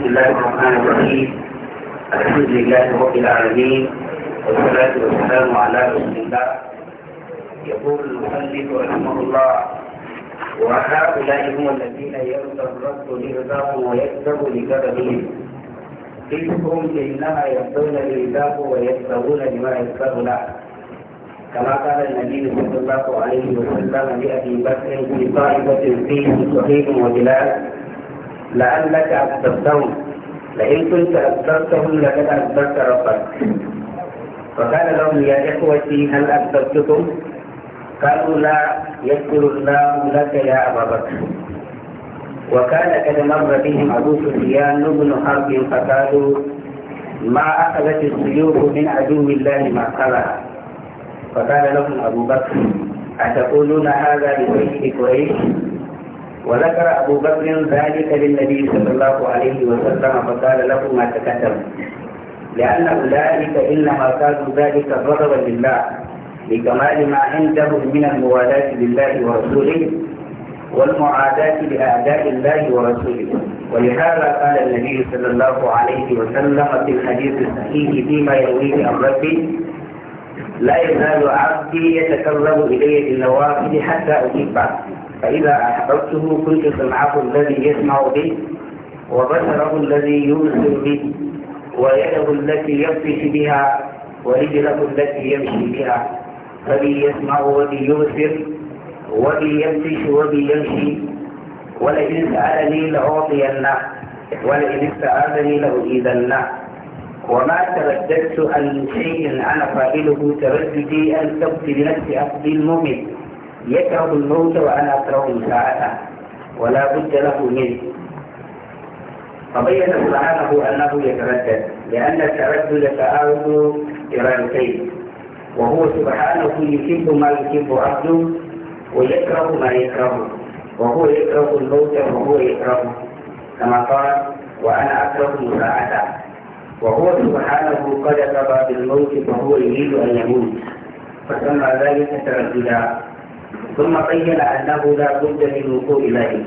بسم الله الرحمن الرحيم الحمد لله رب العالمين والصلاة والسلام على رسول الله يقول المؤلف رحمه الله وهؤلاء هم الذين يرضى الرد لرضاه ويكذب لكذبهم تلكم إنما يرضون لرضاه ويكذبون لما يكذب له كما قال النبي صلى الله عليه وسلم لأبي بكر في طائفة فيه صحيح وبلاد لعلك أسببتهم لئن كنت أسببتهم لقد أسببت ربك فقال لهم يا إخوتي هل أسببتكم؟ قالوا لا يذكر الله لك يا أبا بكر وكان قد مر بهم أبو سفيان بن حرب فقالوا ما أخذت السيوف من عدو الله ما قال فقال لهم أبو بكر أتقولون هذا لبيت قريش وذكر أبو بكر ذلك للنبي صلى الله عليه وسلم فقال له ما تكتم لأن أولئك إنما قالوا ذلك غضبا لله لكمال ما عندهم من الموالاة لله ورسوله والمعاداة لأعداء الله ورسوله ولهذا قال النبي صلى الله عليه وسلم في الحديث الصحيح فيما يرويه عن ربي لا يزال عبدي يتكلم إلي بالنوافل حتى أجيب بعد فإذا أحببته كنت سمعه الذي يسمع به وبصره الذي يبصر به ويده التي يبطش بها ورجله التي يمشي بها فبي يسمع وبي يبصر وبي يبطش وبي يمشي ولئن سألني لأعطينه ولئن استعاذني لأجيدنه وما ترددت عن شيء أنا فاعله ترددي أن تبت بنفسي أفضل المؤمن يكره الموت وأنا أكره الساعة ولا بد له منه فبين سبحانه أنه يتردد لأن التردد تعارض إرادتين وهو سبحانه يحب ما يحب عبده ويكره ما يكره وهو يكره الموت وهو يكره كما قال وأنا أكره مساعده وهو سبحانه قد قضى بالموت فهو يريد أن يموت فسمى ذلك ترددا ثم بين أنه لا بد من وقوع إليه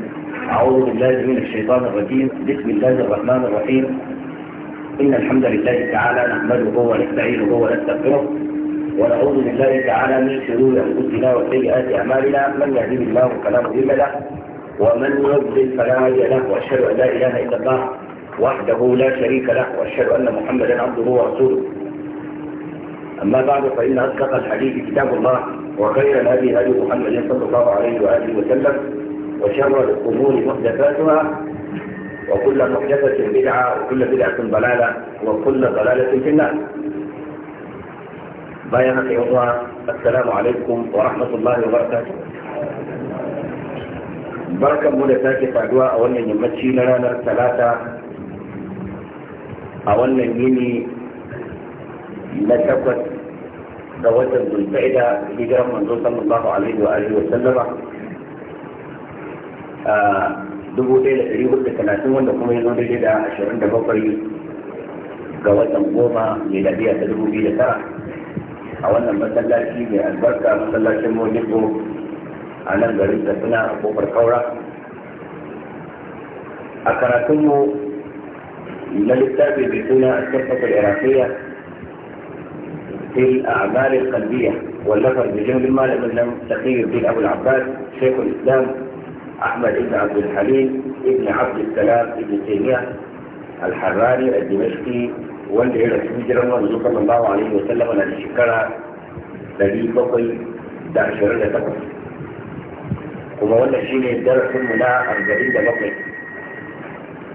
أعوذ بالله من الشيطان الرجيم بسم الله الرحمن الرحيم إن الحمد لله تعالى نحمده ونستعينه ونستغفره ونعوذ بالله تعالى من شرور أنفسنا وسيئات أعمالنا من يهده الله فلا مضل له ومن يضلل فلا هادي له وأشهد أن لا إله إلا الله وحده لا شريك له وأشهد أن محمدا عبده ورسوله أما بعد فإن أصدق الحديث كتاب الله وخير الهدي هدي محمد صلى الله عليه وآله وسلم وشر الأمور محدثاتها وكل محدثة بدعة وكل بدعة ضلالة وكل ضلالة في النار بيانك في السلام عليكم ورحمة الله وبركاته بركة مولى da فادوا أولا a لنا yammaci ثلاثة ranar talata a ga watan zulkaida hijiran manzo sallallahu alaihi wa alihi wa sallama a dubu ɗaya da ɗari hudu talatin wanda kuma ya zo daidai da ashirin da bakwai ga watan goma mai lafiya ta dubu biyu da tara a wannan masallaci mai albarka masallacin mojibbo a nan garin da suna a kofar kaura a karatunmu na littafi mai suna a cikin fasar irafiya في الأعمال القلبية والنفر بجنب المال من لم تخير بن أبو العباس شيخ الإسلام أحمد بن عبد الحليم بن عبد السلام بن تيمية الحراري الدمشقي والعيرة سمجرا رسول الله صلى الله عليه وسلم أن الشكرة الذي بقي دعشرة تقف كما ولا شيء يدرس منا أربعين دقيقة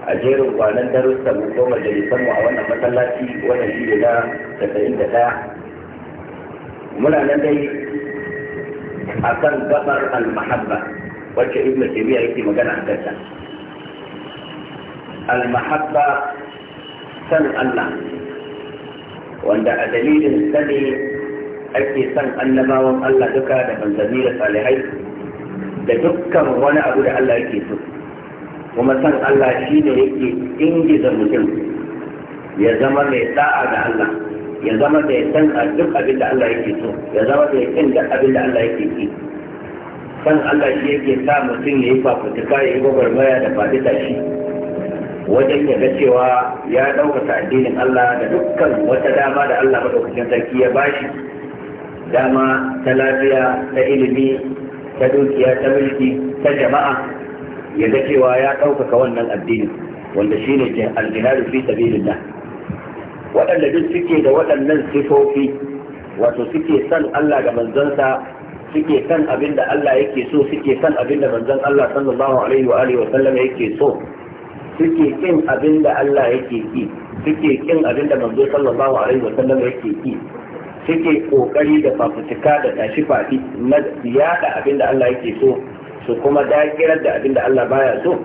أجير وأنا درست بقوم جلسا وأنا مثلا شيء ولا شيء لا تتعين دقائق muna nan dai a kan gabar al-mahabba wacce ibn tabiya yake magana a kanta al-mahabba san Allah wanda a dalilin sani ake san annabawan Allah duka da manzanni da salihai da dukkan wani abu da Allah yake so kuma san Allah shi shine yake ingiza mutum ya zama mai sa'a da Allah ya zama da ya san duk abin da Allah yake so ya zama da ya kin duk abin da Allah yake ki san Allah shi yake sa mutum ya yi fafutuka ya yi gwagwarmaya da faɗi tashi wajen ya ga cewa ya ɗaukaka addinin Allah da dukkan wata dama da Allah maɗaukacin sarki ya ba shi. dama ta lafiya ta ilimi ta dukiya ta mulki ta jama'a ya ga cewa ya ɗaukaka wannan addini wanda shine aljihadu fi sabilillah waɗanda duk suke da waɗannan sifofi wato suke san Allah da manzansa suke san abin da Allah yake so suke san abin da manzon Allah sallallahu alaihi wa alihi wa sallam yake so suke kin abin da Allah yake ki suke kin abin da manzo sallallahu alaihi wa sallam yake ki suke kokari da fafutuka da tashi fafi na ziyada abin da Allah yake so su kuma dakirar da abin da Allah baya so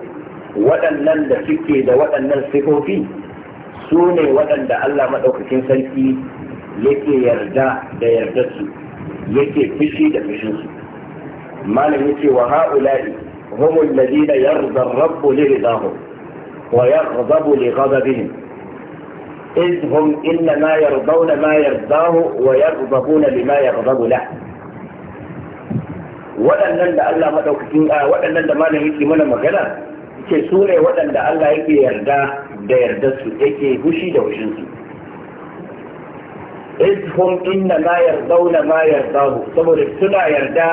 waɗannan da suke da waɗannan sifofi su ne waɗanda Allah maɗaukakin sarki yake yarda da yardarsu yake fushi da fushinsu malam yace wa ha'ula'i هم الذين يرضى الرب لرضاهم ويغضب لغضبهم إذ هم إنما يرضون ما يرضاه ويغضبون لما يغضب له waɗannan da Allah maɗaukakin a waɗannan da malamin yake mana magana ce su ne waɗanda Allah yake yarda da yarda su yake hushi da hushinsu izhum inna ma yardawna ma yardahu saboda suna yarda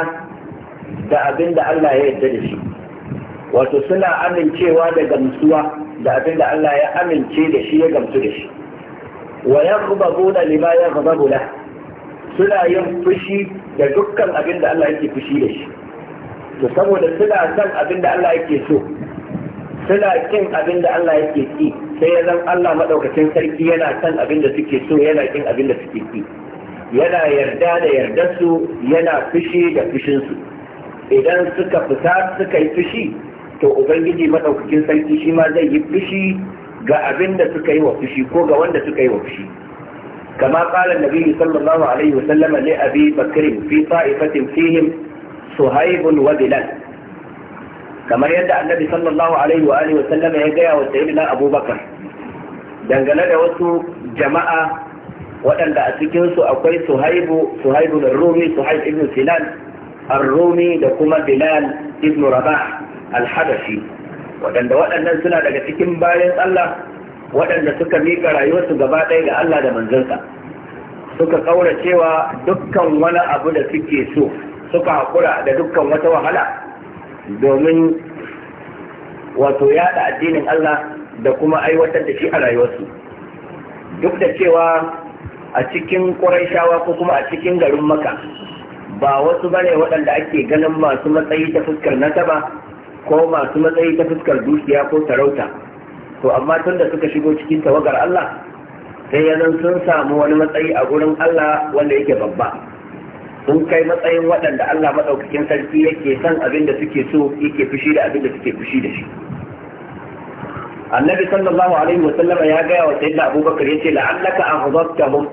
da abin da Allah ya yarda da shi wato suna amincewa da gamsuwa da abin da Allah ya amince da shi ya gamsu da shi wa yaghdabuna lima yaghdabu lah suna yin fushi da dukkan abin da Allah yake fushi da shi to saboda suna son abin da Allah yake so suna kin abin da Allah yake ki sai ya zan Allah madaukakin sarki yana san abin da suke so yana kin abin da suke ki yana yarda da yardarsu yana fushi da fushinsu idan suka fita suka yi fushi to ubangiji madaukakin sarki shi ma zai yi fushi ga abin da suka yi wa fushi ko ga wanda suka yi wa fushi كما قال النبي صلى الله عليه وسلم لأبي بكر في طائفة فيهم صهيب وبلال kamar yadda annabi sallallahu alaihi wa alihi wasallam ya gaya wa sayyidina abubakar dangane da wasu jama'a waɗanda a cikin su akwai suhaibu suhaibu rumi suhaib ibn sinan ar-rumi da kuma bilal ibn rabah al-habashi waɗanda waɗannan suna daga cikin bayan Allah waɗanda suka miƙa rayuwarsu gaba ɗaya ga Allah da manzansa suka kaura cewa dukkan wani abu da suke so suka haƙura da dukkan wata wahala domin wato yada addinin Allah da kuma aiwatar da shi a rayuwarsu duk da cewa a cikin ƙuraishawa ko kuma a cikin garin maka ba wasu ba ne waɗanda ake ganin masu matsayi ta fuskar nasaba ko masu matsayi ta fuskar dukiya ko sarauta to amma tun da suka shigo cikin tawagar Allah sai ya sun samu wani matsayi a wurin Allah wanda yake babba sun kai matsayin waɗanda Allah maɗaukakin sarki yake san abin da suke so yake fushi da abin da suke fushi da shi annabi sallallahu alaihi wasallam ya gaya wa sayyidina abubakar yace la'allaka hum,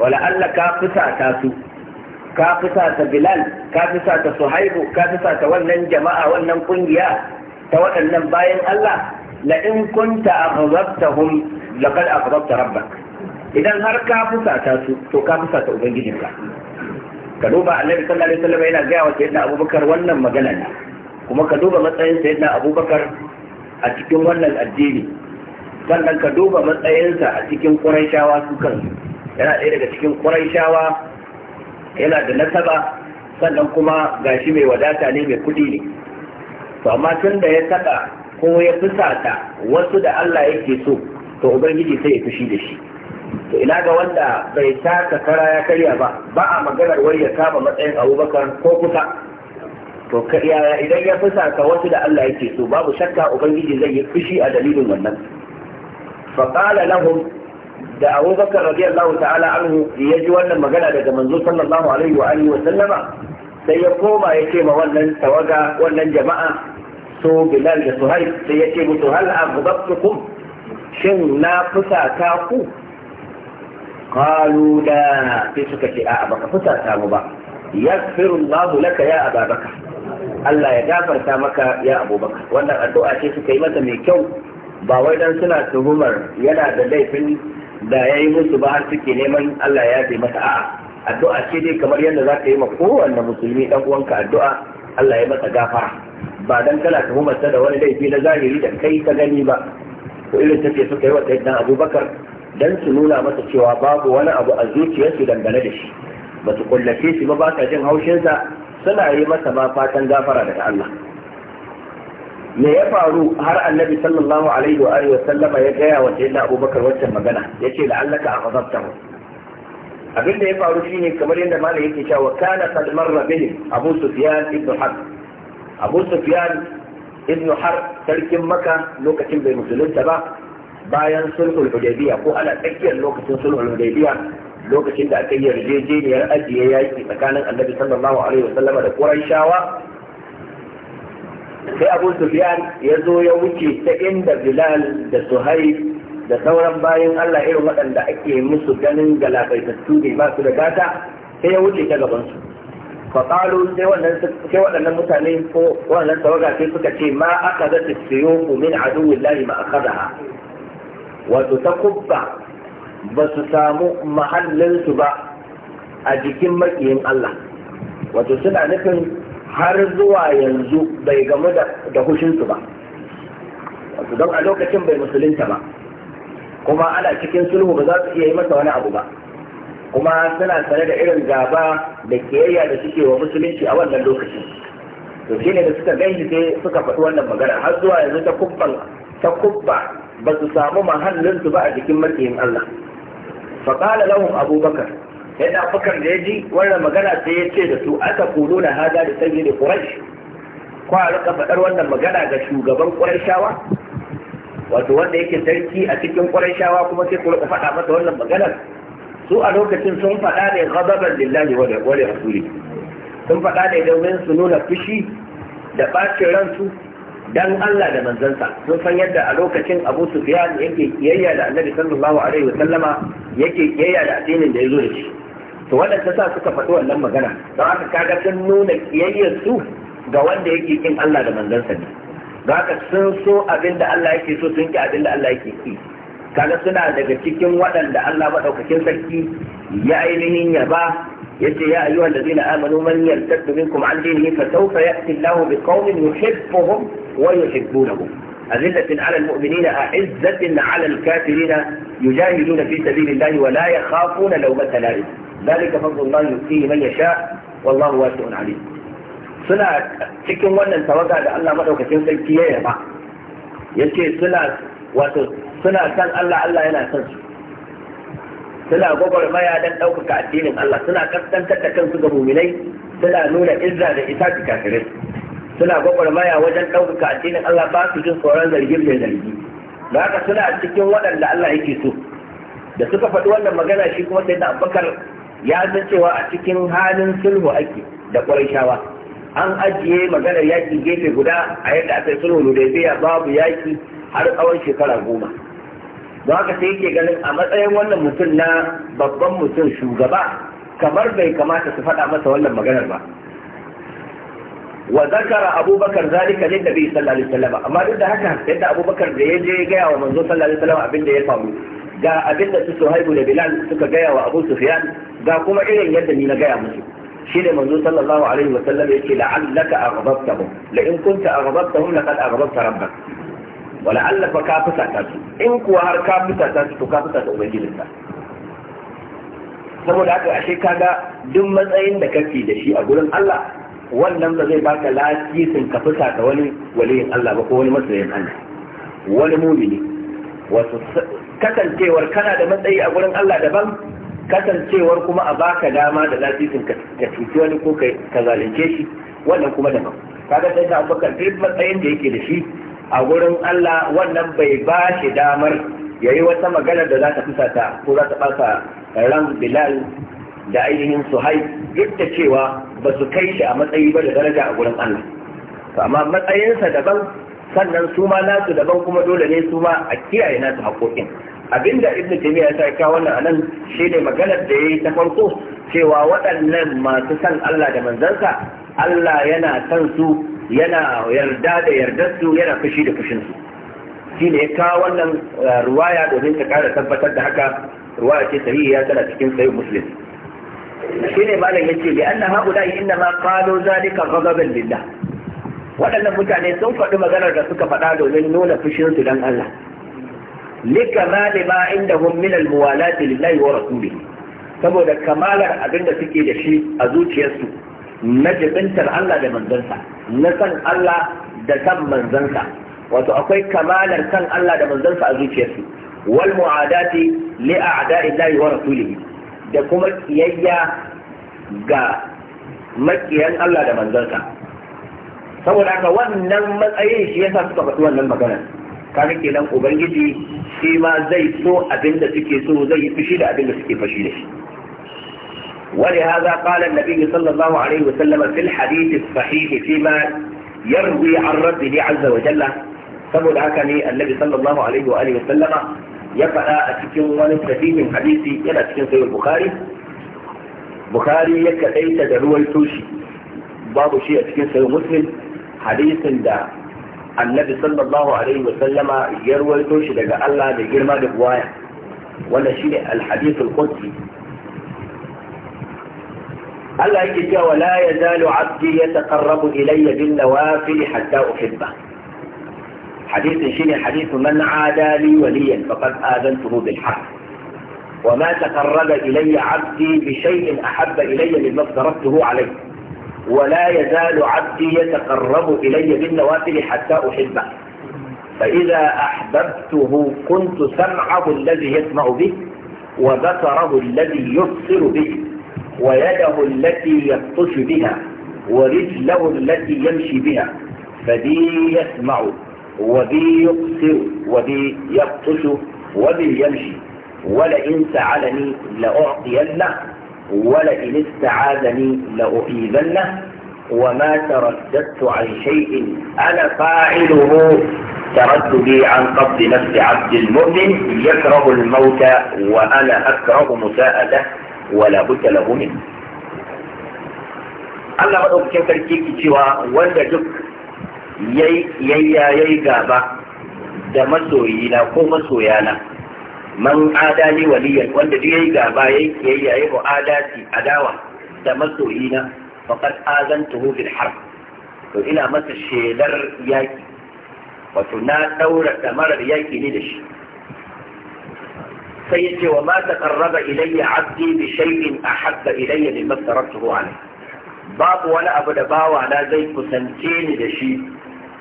wa la'allaka fusata su ka fusata bilal ka fusata suhaibu ka fusata wannan jama'a wannan kungiya ta waɗannan bayan Allah la in kunta aghdabtahum laqad aghdabta rabbak idan har ka fusata su to ka fusata ubangijinka ka duba annabi sallallahu alaihi wasallam yana gaya wa sayyidina abubakar wannan magana ne kuma ka duba matsayin sayyidina abubakar a cikin wannan addini sannan ka duba matsayinsa a cikin ƙuraishawa su kansu yana ɗaya daga cikin ƙuraishawa yana da nasaba sannan kuma gashi mai wadata ne mai kuɗi ne to amma tun da ya saka ko ya fusata wasu da Allah yake so to ubangiji sai ya fushi da shi to ina ga wanda bai taka kara ya karya ba ba a maganar wai ya kama matsayin abubakar ko kusa to yaya idan ya fusata wasu da Allah yake so babu shakka ubangiji zai yi fushi a dalilin wannan fa qala lahum da abubakar radiyallahu ta'ala anhu ya ji wannan magana daga manzo sallallahu alaihi wa alihi wa sallama sai ya koma ya ce ma wannan tawaga wannan jama'a so bilal da suhaib sai ya ce musu hal aghadabtukum shin na fusata ku qalu la sai suka ce a'a baka fusata mu ba yaghfiru Allahu laka ya ababaka Allah ya gafarta maka ya wannan addu'a ce suka yi mata mai kyau ba wai dan suna tuhumar yana da laifin da ya yi musu ba har suke neman Allah ya yafe mata a'a addu'a ce dai kamar yadda za ka yi ma kowanne musulmi dan uwanka addu'a Allah ya masa gafara ba dan kana tuhumar ta da wani laifi na zahiri da kai ka gani ba ko irin take suka yi wa sayyidina Abubakar dan su nuna masa cewa babu wani abu a zuciyarsu dangane da shi ba su kullace shi ba ba ta jin haushinsa suna yi masa ma fatan gafara daga Allah me ya faru har annabi sallallahu alaihi wa alihi sallama ya gaya wa sayyidina abubakar waccan magana yace la'allaka akhadhtahu abin da ya faru shine kamar yadda malam yake cewa kana qad marra bihim abu sufyan ibn abu sufyan ibn harb sarkin makka lokacin bai musulunta ba bayan sulhul hudaybiya ko ana tsakiyar lokacin sulhul hudaybiya lokacin da aka yi yarjejeniyar ajiye yaki tsakanin annabi sallallahu alaihi wasallama da qurayshawa sai abu sufyan ya zo ya wuce ta inda bilal da suhaib da sauran bayan allah irin waɗanda ake musu ganin galabaitattu ne ba su da gata sai ya wuce ta gabansu faƙalu sai waɗannan mutane ko waɗannan tawaga sai suka ce ma aka zata siyo min aduwin lahi ma aka wato ta kubba ba su samu mahallinsu ba a jikin makiyin Allah wato suna nufin har zuwa yanzu bai gamu da hushinsu ba wato don a lokacin bai musulunta ba kuma ana cikin sulhu ba za su iya yi masa wani abu ba kuma suna sane da irin gaba da kiyayya da suke wa musulunci a wannan lokacin to shine da suka gaishe sai suka faɗi wannan magana har zuwa yanzu ta kubban ta kubba ba su samu mahallinsu ba a jikin makiyin Allah Fakala lahum abubakar yadda abubakar da ya ji wannan magana sai ya ce da su aka kudu na hada da sanyi da ƙurash Kwa a rika faɗar wannan magana ga shugaban ƙurashawa wato wanda yake sarki a cikin ƙurashawa kuma sai ku rika faɗa masa wannan maganar su a lokacin sun faɗa ne ghadaban lillahi wa rasuli sun faɗa ne domin su nuna fushi da ɓacin ransu dan Allah da manzansa sun san yadda a lokacin Abu Sufyan yake kiyayya da Annabi sallallahu alaihi wa sallama yake kiyayya da addinin da yazo da shi to wannan ta sa suka faɗi wannan magana don haka kaga sun nuna kiyayyar su ga wanda yake kin Allah da manzansa ne ga haka sun so abinda Allah yake so sun ki abinda Allah yake ki kaga suna daga cikin waɗanda Allah maɗaukakin sarki ya ainihin yaba yace ya ayyuhal ladina amanu man yartadda minkum an dinihi fa sawfa ya'ti Allahu biqaumin yuhibbuhum wa yuhibbunahum أذلة على المؤمنين أعزة على الكافرين يجاهدون في سبيل الله ولا يخافون لومة لائم ذلك فضل الله يؤتيه من يشاء والله واسع عليم cikin wannan tawaga da Allah madaukakin sarki ya yaba yace suna wato suna kan Allah Allah yana son su suna gwagwarmaya don ɗaukaka addinin Allah suna kaskantar da kansu ga muminai suna nuna izza da isa ga kafirai suna gwagwarmaya wajen ɗaukaka addinin Allah ba su jin tsoron zargin mai zargi ba haka suna cikin waɗanda Allah yake so da suka faɗi wannan magana shi kuma sai da abubakar ya san cewa a cikin halin sulhu ake da ƙwarishawa an ajiye maganar yaƙi gefe guda a yadda aka yi sulhu da babu yaƙi har tsawon shekara goma don haka sai yake ganin a matsayin wannan mutum na babban mutum shugaba kamar bai kamata su faɗa masa wannan maganar ba wa zakara abubakar zalika lin nabi sallallahu alaihi wasallam amma duk da haka yadda abubakar da ya je gaya wa manzo sallallahu alaihi wasallam abin da ya faru ga abin da su suhaibu da bilal suka gaya wa abu sufyan ga kuma irin yadda ni na gaya musu shi ne manzo sallallahu alaihi wasallam yake la'allaka aghdabtahum la in kunta aghdabtahum laqad aghdabta rabbak wala Allah fa ka ta su in kuwa har ka ta su to ka fusata ubangijinka saboda haka ashe kaga duk matsayin da kake da shi a gurin Allah wannan ba zai baka lafisin ka ta wani waliyin Allah ba ko wani matsayin Allah wani mumini wasu kasancewar kana da matsayi a gurin Allah daban kasancewar kuma a baka dama da lafisin ka cuci wani ko ka zalunce shi wannan kuma daban kaga sai ka abubakar duk matsayin da yake da shi a gurin Allah wannan bai ba shi damar ya yi wata maganar da za ta fusata ko za ta ɓata ran Bilal da ainihin suhai duk da cewa ba su kai shi a matsayi ba da daraja a gurin Allah to amma matsayinsa daban sannan su ma nasu daban kuma dole ne su ma a kiyaye nasu haƙoƙin abinda ibn taymiya ya kawo wannan anan ne maganar da ya yi ta farko cewa waɗannan masu san Allah da manzansa Allah yana san su yana yarda da yardarsu yana fushi da fushinsu shi ne ya kawo wannan uh, ruwaya domin ta kara tabbatar da haka ruwaya ce ya tana cikin sayin muslim shi ne malam ya ce li'an na haɗu da'i inda ma kalo zalika ghadaban lillah waɗannan mutane sun faɗi maganar da suka faɗa domin nuna fushinsu don Allah Lika ma inda min almuwalati lillahi wa rasulihi saboda kamalar abin da suke da shi a zuciyarsu na jibintar Allah da manzansa na san Allah da san manzansa wato akwai kamalar san Allah da manzansa a zuciyarsu wal mu'adati li a'da'illahi wa rasulihi da kuma kiyayya ga makiyan Allah da manzansa saboda haka wannan matsayin shi yasa suka faɗi wannan magana kaga kenan ubangiji shi ma zai so abin da suke so zai yi fushi da abin da suke fushi da shi ولهذا قال النبي صلى الله عليه وسلم في الحديث الصحيح فيما يروي عن ربه عز وجل saboda haka ne annabi sallallahu alaihi wa alihi sallama ya faɗa a cikin wani sahihin hadisi yana cikin sahih bukhari bukhari ya kadaita da ruwan toshi babu shi a cikin sahih muslim hadisin da annabi sallallahu alaihi wa sallama ya ruwaito toshi daga Allah da girma da buwaya wannan shine al-hadith al-qudsi هلا هيك cewa ولا يزال عبدي يتقرب الي بالنوافل حتى احبه. حديث شيني حديث من عادى لي وليا فقد آذنته بالحق وما تقرب إلي عبدي بشيء أحب إلي مما افترضته عليه ولا يزال عبدي يتقرب إلي بالنوافل حتى أحبه فإذا أحببته كنت سمعه الذي يسمع به وبصره الذي يبصر به ويده التي يبطش بها ورجله التي يمشي بها فبي يسمع وبي يبصر وبي يبطش وبي يمشي ولئن سعلني لأعطينه ولئن استعاذني لأعيذنه وما ترددت عن شيء أنا فاعله ترددي عن قبض نفس عبد المؤمن يكره الموت وأنا أكره مساءته wala budda lahu min Allah madaukakin sarki ki cewa wanda duk yayi yayya yayi gaba da masoyina ko masoyana man adali waliyan wanda duk yayi gaba yayi yayya yayi mu'adati adawa da masoyina faqad azantuhu bil harb to ina masa shelar yaki wato na daura marar yaki ne da shi sai ya ce wa ma taqarraba ilayya abdi bi shay'in ahabba ilayya mimma taraktuhu alayhi babu wani abu da bawa na zai kusance ni da shi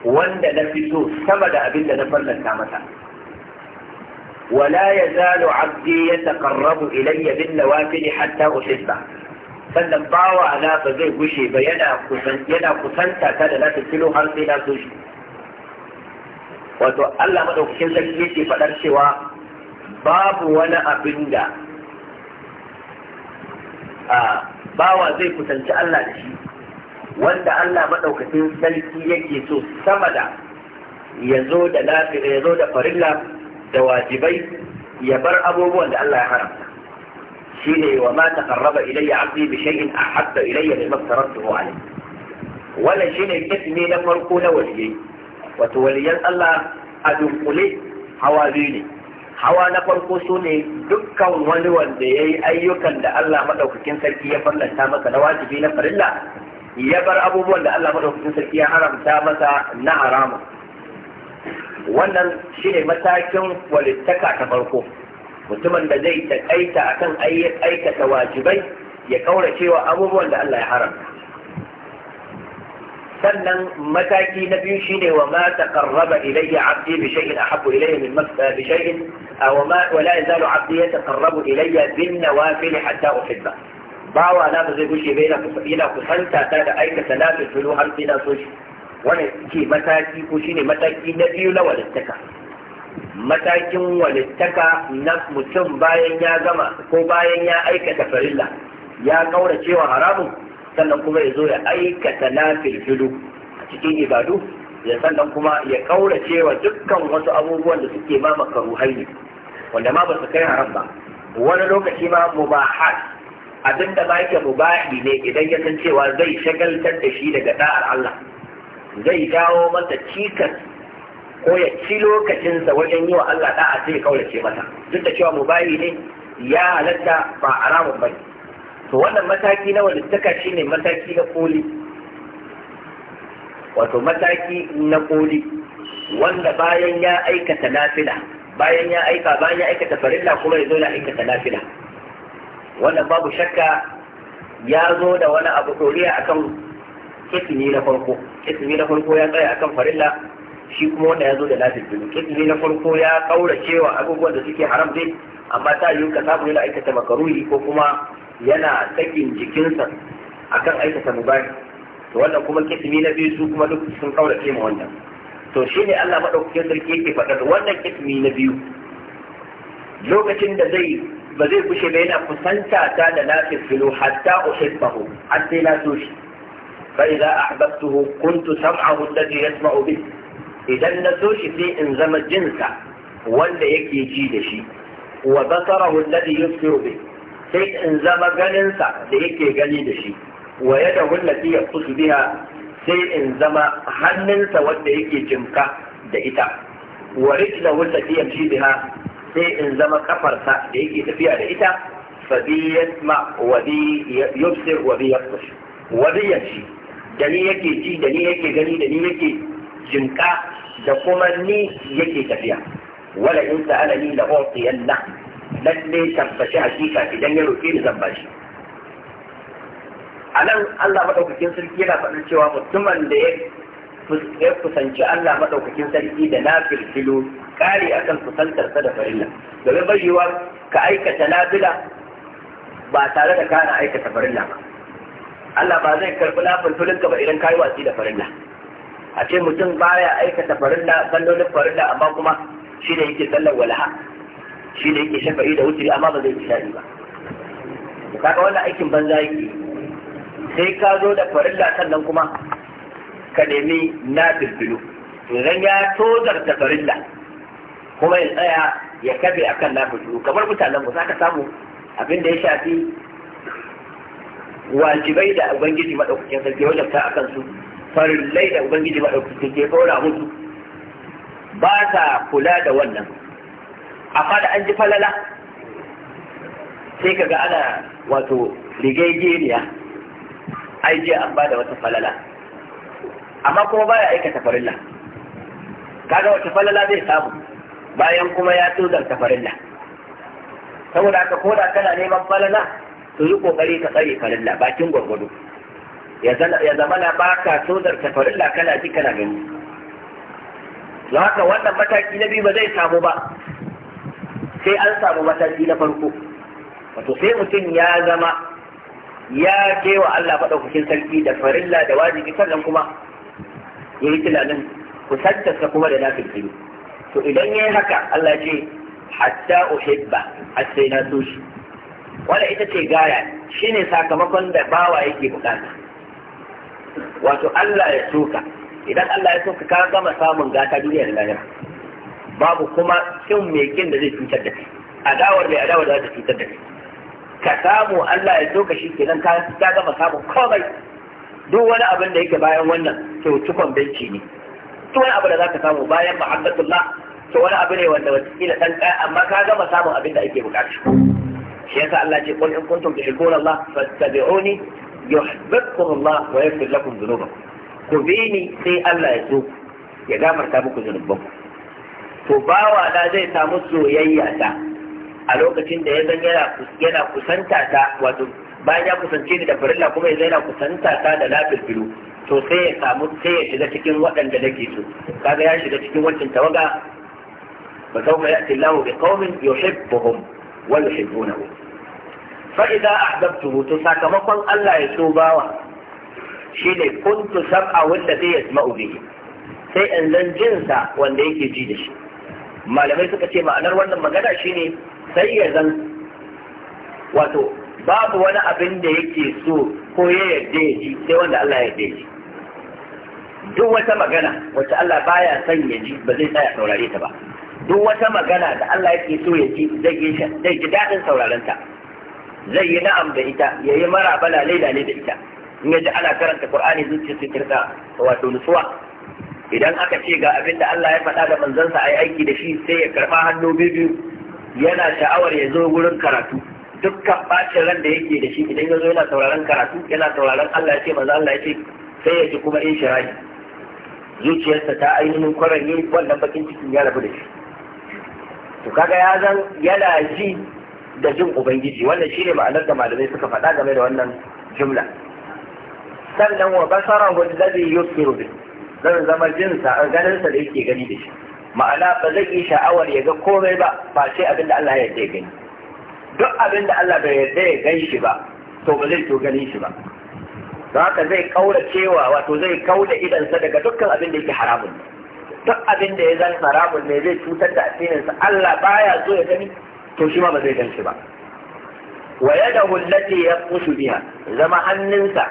wanda na fito sama da abin da na farlanta masa ولا يزال عبدي يتقرب إلي بالنوافل حتى أحبه sannan bawa na ba zai gushe ba yana kusanta ta da nata kilo har sai na so shi wato Allah madaukakin sarki yake faɗar cewa babu wani abin da a bawa zai kusanci Allah da shi wanda Allah maɗaukacin sarki yake so sama da ya zo da lafiya ya zo da farilla da wajibai ya bar abubuwan da Allah ya haramta shi ne wa ma taqarraba ilayya abdi bi shay'in ahabba ilayya mimma tarattuhu alayhi wannan shi ne na farko na waliyai wato waliyan Allah a dunkule hawa biyu ne hawa na farko su ne dukkan wani wanda ya yi ayyukan da Allah maɗaukakin sarki ya farlanta masa na wajibi na farilla ya bar abubuwan da Allah maɗaukakin sarki ya haramta masa na haramun wannan shi ne matakin walittaka ta farko mutumin da zai taƙaita akan aikata wajibai ya ƙaura cewa abubuwan da Allah ya haramta sannan mataki na biyu shine wa ma taqarraba ilayya 'abdi bi shay'in ahabbu ilayya min bi shay'in aw ma wa la yazalu 'abdi yataqarrabu ilayya bin nawafil hatta uhibba bawa na ba zai gushe bai na yana kusanta ta da aikata nafil fulu har sai na so shi wannan ke mataki ko shine mataki na biyu na walittaka matakin walittaka na mutum bayan ya gama ko bayan ya aikata farilla ya kaura cewa haramun sannan kuma ya zo ya aikata nafilfilu a cikin ibadu ya sannan kuma ya kaurace wa dukkan wasu abubuwan da suke ma ruhani. ne wanda ma ba su kai haram ba wani lokaci ma mubahat abin da ba yake mubahi ne idan ya san cewa zai shagaltar da shi daga da'ar Allah zai dawo masa cikas ko ya ci lokacinsa wajen yi wa Allah da'a sai ya kaurace mata duk da cewa mubahi ne ya halatta ba haramun ba. to wannan mataki na walittaka shine mataki na koli wato mataki na koli wanda bayan ya aikata nafila bayan ya aika bayan ya aikata farilla kuma ya zo ya aikata nafila wannan babu shakka ya zo da wani abu koriya akan kitini na farko kitini na farko ya tsaya akan farilla shi kuma wanda ya zo da lafiya kitini na farko ya kaura cewa abubuwan da suke haram dai amma ta yiwu ka samu yana aikata makaruhi ko kuma yana sakin jikinsa akan aikata mubari to wannan kuma kismi na biyu su kuma duk sun kaura ma wannan to shi ne Allah madaukakin sarki yake faɗar wannan kismi na biyu lokacin da zai ba zai kushe ba yana kusanta ta da na filo hatta uhibbahu har sai na so shi fa idza ahbabtuhu kuntu sam'ahu alladhi yasma'u bih idan na so shi sai in zama jinsa wanda yake ji da shi wa basarahu alladhi yusiru bih sai in zama ganinsa da yake gani da shi wa yada hullati ya kusu biya sai in zama hannunsa wanda yake jimka da ita wa rijla hullati ya shi biya sai in zama kafarsa da yake tafiya da ita fa bi yasma wa bi yubsir wa bi yaqtash wa bi yashi da ni yake ji da ni yake gani da ni yake jimka da kuma ni yake tafiya wala in sa'alani la u'tiyanna lalle tabbaci hakika idan ya roƙe ni zan bashi a nan Allah maɗaukakin sarki yana faɗin cewa mutumin da ya kusanci Allah maɗaukakin sarki da na filfilo ƙari a kan kusantarsa da farilla domin bayyuwa ka aikata nafila ba tare da kana aikata farilla ba Allah ba zai karɓi na filfilinka ba idan ka yi watsi da farilla a ce mutum baya aikata farilla sallolin farilla amma kuma shi ne yake sallar walaha shi ne yake shafa'i da wuturi amma ba zai shaɗi ba ka ga wannan aikin banza yake sai ka zo da farilla sannan kuma ka nemi na filfilu idan ya tozar farilla kuma ya tsaya ya kafe akan na filfilu kamar mutanen mu ka samu abin da ya shafi wajibai da ubangiji madaukakin sarki ya wajabta a kansu, farillai da ubangiji madaukakin sarki ya kaura musu ba sa kula da wannan amma da an ji falala sai ka ga ana wato rigegeniya ai je an bada wata falala amma kuma baya aikata farilla kaga wata falala zai samu bayan kuma ya tozarta farilla saboda haka ko da kana neman falala to yi kokari ka tsare farilla bakin gwargwado ya zama na baka tozarta farilla kana ji kana gani don haka wannan mataki na biyu ba zai samu ba sai an samu mataki na farko wato sai mutum ya zama ya je wa Allah maɗaukakin sarki da farilla da wajibi sannan kuma ya yi tunanin kusantarsa kuma da nafin fili to idan ya yi haka Allah ce hatta uhibba har sai na so shi wanda ita ce gaya shine sakamakon da bawa yake bukata wato Allah ya soka idan Allah ya soka ka gama samun gata duniya da lahira babu kuma kin mai kin da zai cutar da kai adawar mai adawar da za ta cutar da kai ka samu Allah ya doka shi kenan ka ka gama samun komai duk wani abin da yake bayan wannan to tukon benci ne duk wani abu da za ka samu bayan muhammadullah to wani abu ne wanda kila dan kai amma ka gama samun abin da ake bukata shi yasa Allah ce qul in kuntum tuhibbuna Allah fattabi'uni yuhibbukum Allah wa yaghfir lakum dhunubakum ku bi ni sai Allah ya so ya gafarta muku dhunubanku to bawa na zai samu soyayya ta a lokacin da ya zan yana kusanta ta wato bayan ya kusance ni da farilla kuma ya yana kusanta ta da lafilfilu to sai ya samu sai ya shiga cikin waɗanda nake so kaga ya shiga cikin wancan tawaga fa sawfa ya'ti Allahu bi qaumin yuhibbuhum wa yuhibbunahu fa idza ahbabtuhu to sakamakon Allah ya so bawa ne kuntu sab'a wanda zai yasma'u bihi sai in zan jinsa wanda yake ji da shi malamai suka ce ma'anar wannan magana shine sai ya zan wato babu wani abin da yake so ko ya yarda ya ji sai wanda Allah ya yarda ya ji duk wata magana wacce Allah baya son ya ji ba zai tsaya saurare ta ba duk wata magana da Allah yake so ya ji zai yi zai ji dadin sauraren ta zai yi na'am da ita ya yi maraba lalai da ita in ya ji ana karanta Qur'ani zuciya sai kirka wato nutsuwa idan aka ce ga abin da Allah ya faɗa da manzansa a yi aiki da shi sai ya karɓa hannu biyu yana sha'awar ya zo wurin karatu dukkan bacin ran da yake da shi idan ya zo yana sauraron karatu yana sauraron Allah ya ce manzo Allah ya ce sai ya ji kuma in shiraji zuciyarsa ta ainihin kwaranye wannan bakin cikin ya rabu da shi to kaga ya zan yana ji da jin ubangiji wannan shine ma'anar da malamai suka faɗa game da wannan jumla sannan wa basarahu alladhi yusiru bihi zan zama jin jinsa ganinsa da yake gani da shi ma'ana ba zai yi sha'awar ya ga komai ba ba sai abin da Allah ya yarda ya gani duk abin da Allah bai yarda ya gani shi ba to ba zai to gani shi ba don haka zai kaura cewa wato zai kauda sa daga dukkan abin da yake haramun duk abin da ya zan haramun ne zai cutar da addininsa Allah baya so ya gani to shi ma ba zai gan shi ba wa yadahu allati yaqushu biha zama hannunsa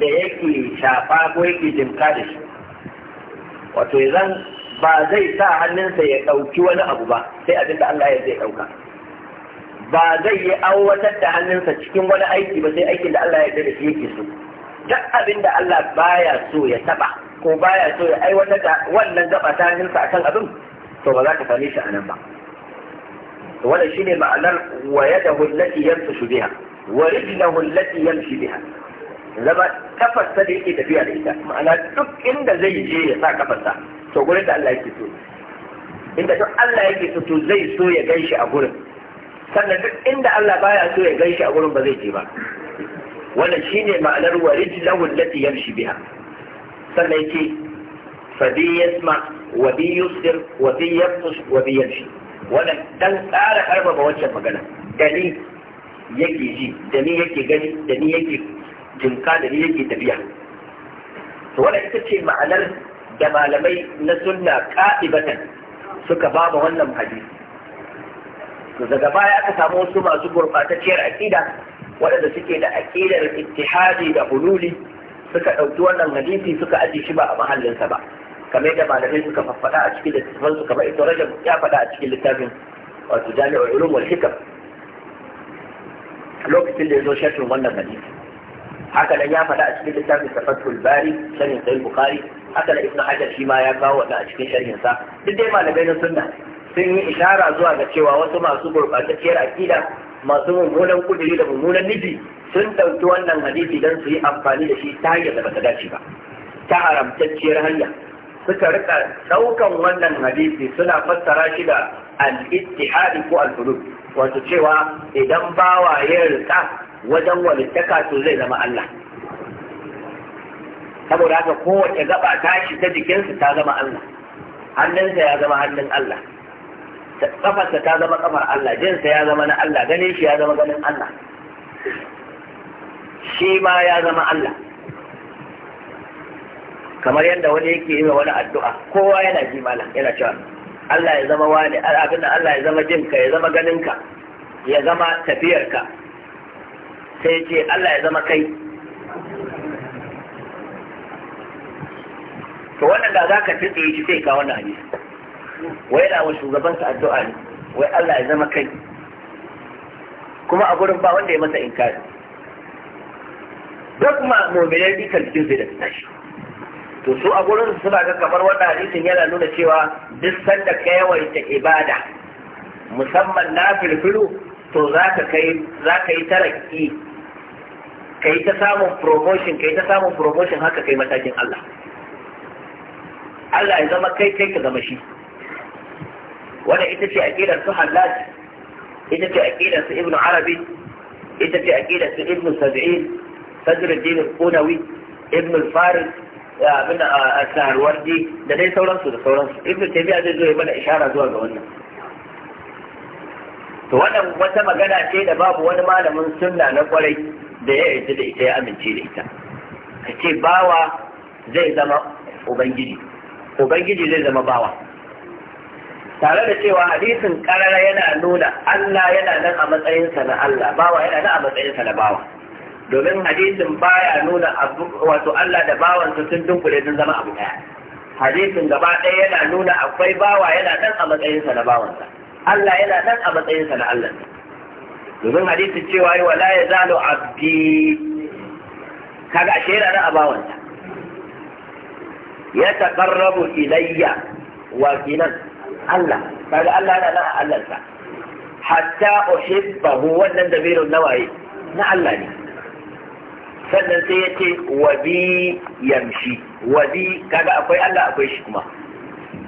da yake shafa ko yake jimka da shi wato idan ba zai sa hannunsa ya ɗauki wani abu ba sai abin da Allah ya zai ɗauka ba zai yi awatar da hannunsa cikin wani aiki ba sai aikin da Allah ya yarda da shi yake so duk abin da Allah baya so ya taba ko baya so ya aiwatar da wannan gaba ta hannunsa akan abin to ba za ka same shi a nan ba wannan shine ma'anar wa yadahu allati yamshu biha wa rijluhu allati yamshi biha zama kafarsa da yake tafiya da ita ma'ana duk inda zai je ya sa kafarsa to gurin da Allah yake so inda duk Allah yake so to zai so ya ganshi a gurin sannan duk inda Allah baya so ya ganshi a gurin ba zai je ba wannan shine ma'anar wa rijlahu allati yamshi biha sannan yake fa bi yasma wa bi yusir wa bi yabtus wa bi yamshi wannan dan tsara ba wancan magana dani yake ji da ni yake gani da ni yake jinka da yake tafiya to wanda ita ce ma'anar da malamai na sunna ka'ibatan suka ba wannan hadisi to daga baya aka samu wasu masu gurbatacciyar aqida waɗanda suke da aqidar ittihadi da hululi suka ɗauki wannan hadisi suka aje shi ba a mahallinsa ba kamar da malamai suka faffada a cikin littafin su kamar ita rajab ya faɗa a cikin littafin wato jami'ul ulum wal hikam lokacin da ya zo shafin wannan hadisi haka nan ya faɗa a cikin littafin tafakkul bari sanin sahih bukhari haka nan ibnu hajar shi ma ya kawo wannan a cikin sharhin sa duk dai malamai na sunna sun yi ishara zuwa ga cewa wasu masu gurbatacciyar akida masu mummunan kudiri da mummunan nibi sun ɗauki wannan hadisi don su yi amfani da shi ta hanyar da bata dace ba ta haramtacciyar hanya suka rika ɗaukan wannan hadisi suna fassara shi da al-ittihadi ko al-hulul wato cewa idan bawa ya rika wajen walittaka to zai zama Allah saboda haka kowace gaba ta shi ta jikinsa ta zama Allah hannunsa ya zama hannun Allah kafarsa ta zama kafar Allah jinsa ya zama na Allah ganin shi ya zama ganin Allah shi ma ya zama Allah kamar yadda wani yake yi wani addu'a kowa yana ji mala, yana cewa Allah ya zama wani abin Allah ya zama jinka ya zama ganinka ya zama tafiyarka sai ce Allah ya zama kai to wannan da za ka tutse shi sai ka wannan hadisi wai yana wa shugabansa addu'a ne wai Allah ya zama kai kuma a gurin ba wanda ya masa inkari duk ma mu'minai dukkan cikin sai da tashi to su a gurin suna ga kamar wannan hadisin yana nuna cewa duk sanda ka yawaita ibada musamman na filfilu to za ka kai za ka yi taraki ka yi ta samun promotion ka yi ta samun promotion haka kai matakin Allah Allah ya zama kai kai ka zama shi wannan ita ce aqidar su Hallaj ita ce aqidar su Ibn Arabi ita ce aqidar su Ibn Sab'in Sadruddin Al-Qunawi Ibn Faris, farid abin da a da dai sauransu da sauransu Ibn Taymiyyah zai zo ya bada ishara zuwa ga wannan to wannan wata magana ce da babu wani malamin sunna na kwarai da ya yarda da ita ya amince da ita ka ce bawa zai zama ubangiji ubangiji zai zama bawa tare da cewa hadisin karara yana nuna Allah yana nan a matsayinsa na Allah bawa yana nan a matsayinsa na bawa domin hadisin baya nuna wato Allah da bawansa sun dunkule sun zama abu daya hadisin gaba ɗaya yana nuna akwai bawa yana nan a matsayinsa na bawansa Allah yana nan a matsayinsa na Allah domin hadisin cewa yi wala ya zalo abdi kaga ashe yana nan a bawanta. ya taqarrabu ilayya wa kinan Allah kaga Allah yana nan a Allahnsa hatta uhibbahu wannan dabirin nawaye na Allah ne sannan sai ya ce wabi yamshi wabi kaga akwai Allah akwai shi kuma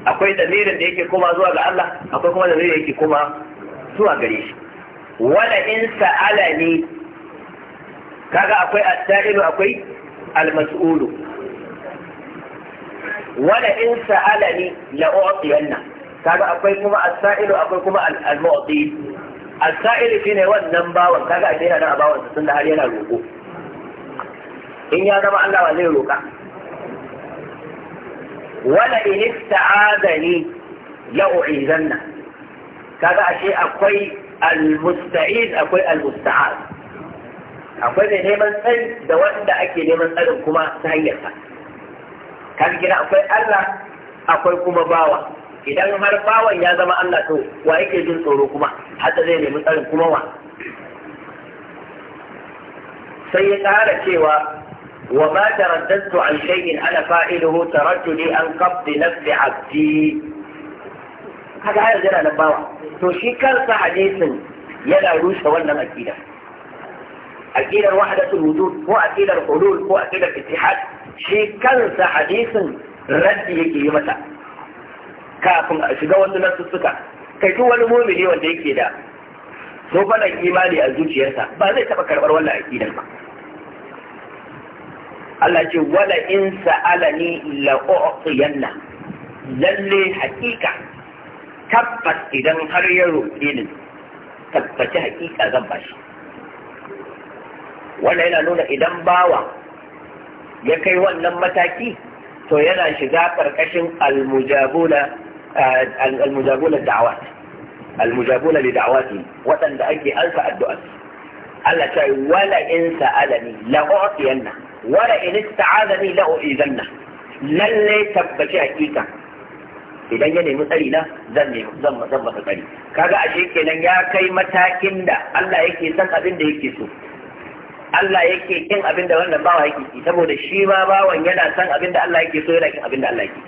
akwai dalilin da yake koma zuwa ga Allah akwai kuma dalilin da yake koma zuwa gare shi wala in sa'alani kaga akwai as-sa'ilu akwai al-mas'ulu wala in sa'alani la u'tiyanna kaga akwai kuma as-sa'ilu akwai kuma al-mu'ti as-sa'ilu shine wannan bawan kaga a yana da bawan tunda har yana roko in ya zama Allah ba zai roka wala in ista'adani la u'izanna kaga ashe akwai al-musta'id akwai al-musta'ad akwai mai neman tsari da wanda ake neman tsarin kuma ta hanyar sa kan gina akwai Allah akwai kuma bawa idan har bawan ya zama Allah to wa yake jin tsoro kuma hatta zai nemi tsarin kuma wa sai ya ƙara cewa وما ترددت عن شيء أنا فاعله ترددي عن قبض نفس عبدي هذا هذا جنا نباوة to shi kansa hadisin yana rushe wannan akida akidar wahdatul wujud ko akidar hulul ko akidar ittihad shi kansa hadisin raddi yake yi mata kafin a shiga wasu nasussuka kai duk wani mumini wanda yake da sofanan imani a zuciyarsa ba zai taba karbar wannan akidar ba Allah ce wala in sa'alani la u'tiyanna lalle hakika tabbas idan har ya roƙe ni tabbaci hakika zan bashi wannan yana nuna idan bawa ya kai wannan mataki to yana shiga ƙarƙashin almujabuna eh, almujabuna da'awat almujabuna li da'awati waɗanda ake alfa addu'a Allah ce wala in sa'alani la u'tiyanna wala in ista'azani la u'izanna lalle tabbaci hakika idan ya nemi tsari na zan nemi zan zan masa tsari kaga ashe kenan ya kai matakin da Allah yake san abin da yake so Allah yake kin abin da wannan bawa yake ki saboda shi ma bawan yana san abin da Allah yake so yana kin abin da Allah yake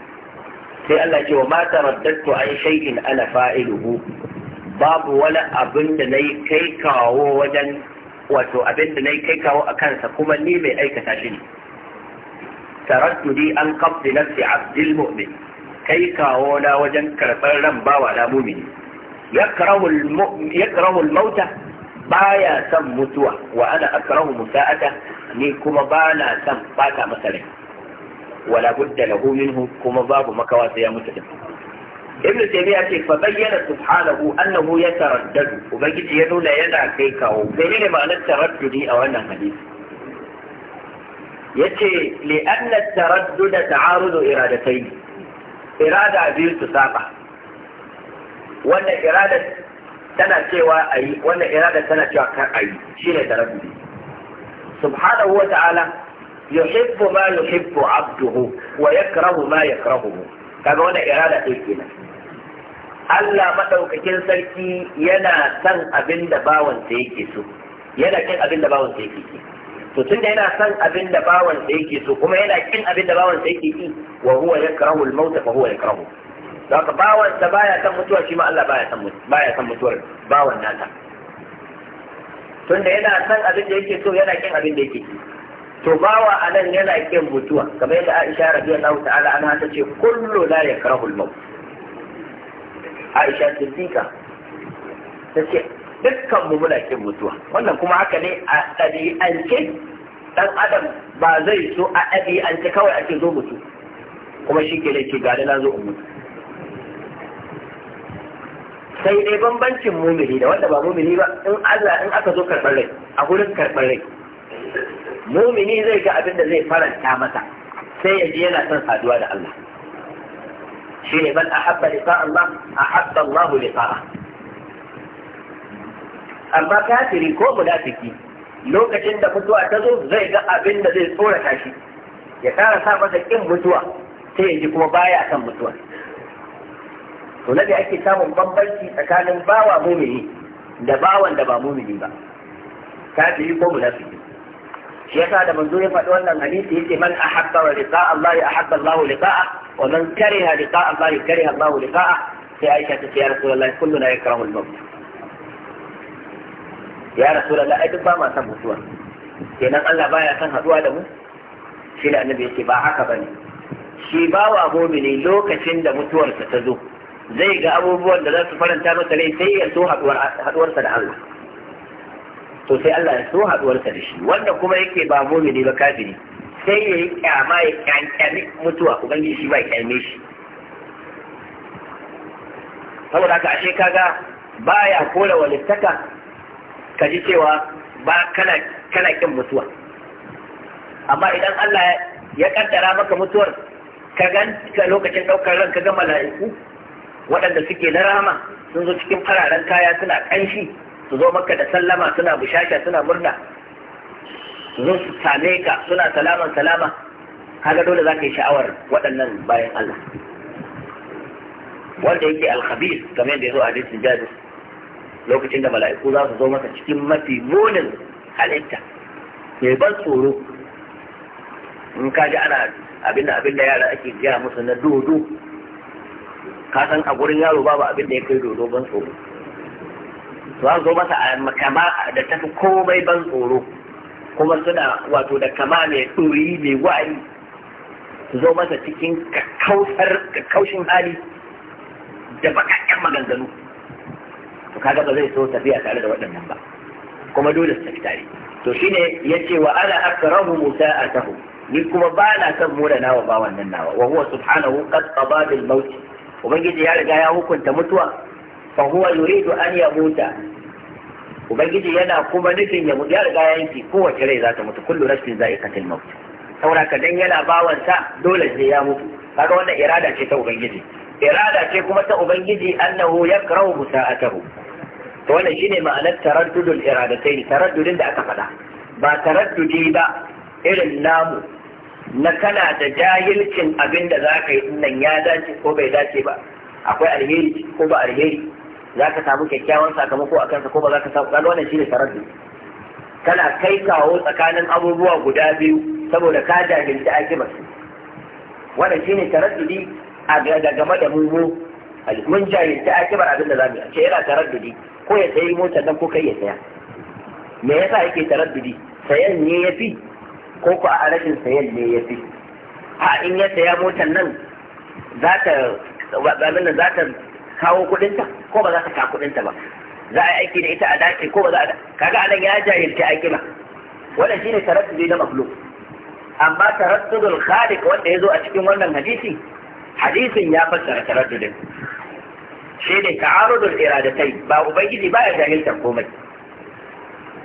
sai Allah ce wa ma taraddatu an shay'in ana fa'iluhu babu wani abin da nayi kai kawo wajen wato abin da na yi kai kawo a kansa kuma ni mai aikata shi ne taraddudi an qabdi nafsi abdil mu'min kai kawo na wajen karɓar ran bawa na mumini yakrahu al-mauta baya son mutuwa wa ana akrahu musa'ata ni kuma ba na son bata masa rai wala budda lahu minhu kuma babu makawa sai ya mutu din ibnu taymiya ce fa bayyana subhanahu annahu yataraddadu ubangiji ya nuna yana kai kawo menene ma'anar taraddudi a wannan hadisi yace li anna taraddud ta'arudu iradatayn irada biyu su saba wannan irada tana cewa ayi wannan irada tana cewa kar ayi shine taraddudi subhanahu wa ta'ala yuhibbu ma yuhibbu abduhu wa yakrahu ma yakrahuhu kaga wannan irada ɗin kenan Allah maɗaukakin sarki yana son abin da bawansa yake so yana kin abin da bawansa yake ki to tunda yana son abin da bawansa yake so kuma yana kin abin da bawansa yake ki wa huwa yakrahu al-maut fa huwa yakrahu haka bawansa baya son mutuwa shi ma Allah baya son baya son mutuwar bawan nata tunda yana son abin da yake so yana kin abin da yake ki to bawa anan yana kin mutuwa kamar yadda Aisha radiyallahu ta'ala anha tace kullu la yakrahu al-maut aisha siddiqa ta ce dukkan mu muna kin mutuwa wannan kuma haka ne a ɗabi'ance dan adam ba zai so a ɗabi'ance kawai ake zo mutu kuma shi ke da ke gani na zo in mutu sai dai bambancin mumini da wanda ba mumini ba in Allah in aka zo karɓar rai a gurin karɓar rai mumini zai ga abin da zai faranta masa sai ya ji yana son saduwa da Allah shine man ahabba liqa Allah ahabba Allah liqa'a amma kafiri ko munafiki lokacin da mutuwa ta zo zai ga abin da zai tsorata shi ya kara sa masa kin mutuwa sai ya kuma baya kan mutuwa to nabi ake samun bambanci tsakanin bawa mumini da bawan da ba mumini ba kafiri ko munafiki shi yasa da manzo ya faɗi wannan hadisi yake man ahabba liqa Allah wa man kariha liqa Allah kariha Allah liqa'a sai Aisha ta ce ya Rasulullahi kulluna yakrahu al-maut ya Rasulullahi ai duk ba ma san mutuwa kenan Allah baya san haduwa da mu shi da annabi yake ba haka bane shi bawa mu'mini lokacin da mutuwarsa ta zo zai ga abubuwan da za su faranta masa rai sai ya so haduwarsa da Allah to sai Allah ya so da shi wanda kuma yake ba mu'mini sai ya yi kyama ya kyankyami mutuwa ubangiji shi ba kyame shi saboda ka ashe kaga baya kora walittaka ka ji cewa ba kana kana kin mutuwa amma idan Allah ya kaddara maka mutuwar ka ganta lokacin daukar ran ka ga mala'iku waɗanda suke na rahama sun zo cikin fararen kaya suna kanshi su zo maka da sallama suna bushasha suna murna su zo same ka suna salaman salama kaga dole za ka yi sha'awar waɗannan bayan Allah wanda yake alkhabir kamar yadda ya zo a hadisin jabir lokacin da mala'iku za su zo masa cikin mafi munin halitta mai ban tsoro in ka ji ana abin da abin da yara ake gaya musu na dodo ka san a gurin yaro babu abin da ya kai dodo ban tsoro za su zo masa a makama da tafi komai ban tsoro kuma suna wato da kama mai ɗori mai wa'ayi su zo masa cikin kaushin hali da bakakken maganganu to kaga ba zai so tafiya tare da waɗannan ba kuma dole su tafi tare to shine ya ce wa ana akrahu musa'atahu ni kuma ba na son mura nawa ba wannan nawa wa huwa subhanahu qad qada bil maut ubangiji ya riga ya hukunta mutuwa fa huwa yuridu an yamuta ubangiji yana kuma nufin ya mutu ya riga ya yanki kowace rai za ta mutu kullu nafsin katil maut saboda ka dan yana bawansa dole sai ya mutu kaga wannan irada ce ta ubangiji irada ce kuma ta ubangiji annahu yakrahu musa'atahu to wannan shine ma'anar taraddudul iradatai taraddudin da aka faɗa ba taraddudi ba irin namu na kana da jahilcin abin da za yi nan ya dace ko bai dace ba akwai alheri ko ba alheri za ka samu kyakkyawan sakamako a kansa ko ba za ka samu kaga wannan shine taraddi kana kai kawo tsakanin abubuwa guda biyu saboda ka jahilci akibar su wannan shine taraddudi a game da mu mun jahilci akibar abin da zamu yi ce yana taraddudi ko ya sayi motar nan ko kai ya saya me yasa yake taraddudi sayan ne ya fi? ko ko a rashin sayan ne ya fi? a in ya saya motar nan za ta abin da za ta kawo kuɗinta ko ba za ta kawo kuɗinta ba za a yi aiki da ita a dace ko ba za a kaga anan ya jahilci ba? wannan shine taraddudi na makhluq amma taraddudul khaliq wanda yazo a cikin wannan hadisi hadisin ya fassara taraddudin shi ne ta'arudul iradatai ba ubangiji ba ya jahilta komai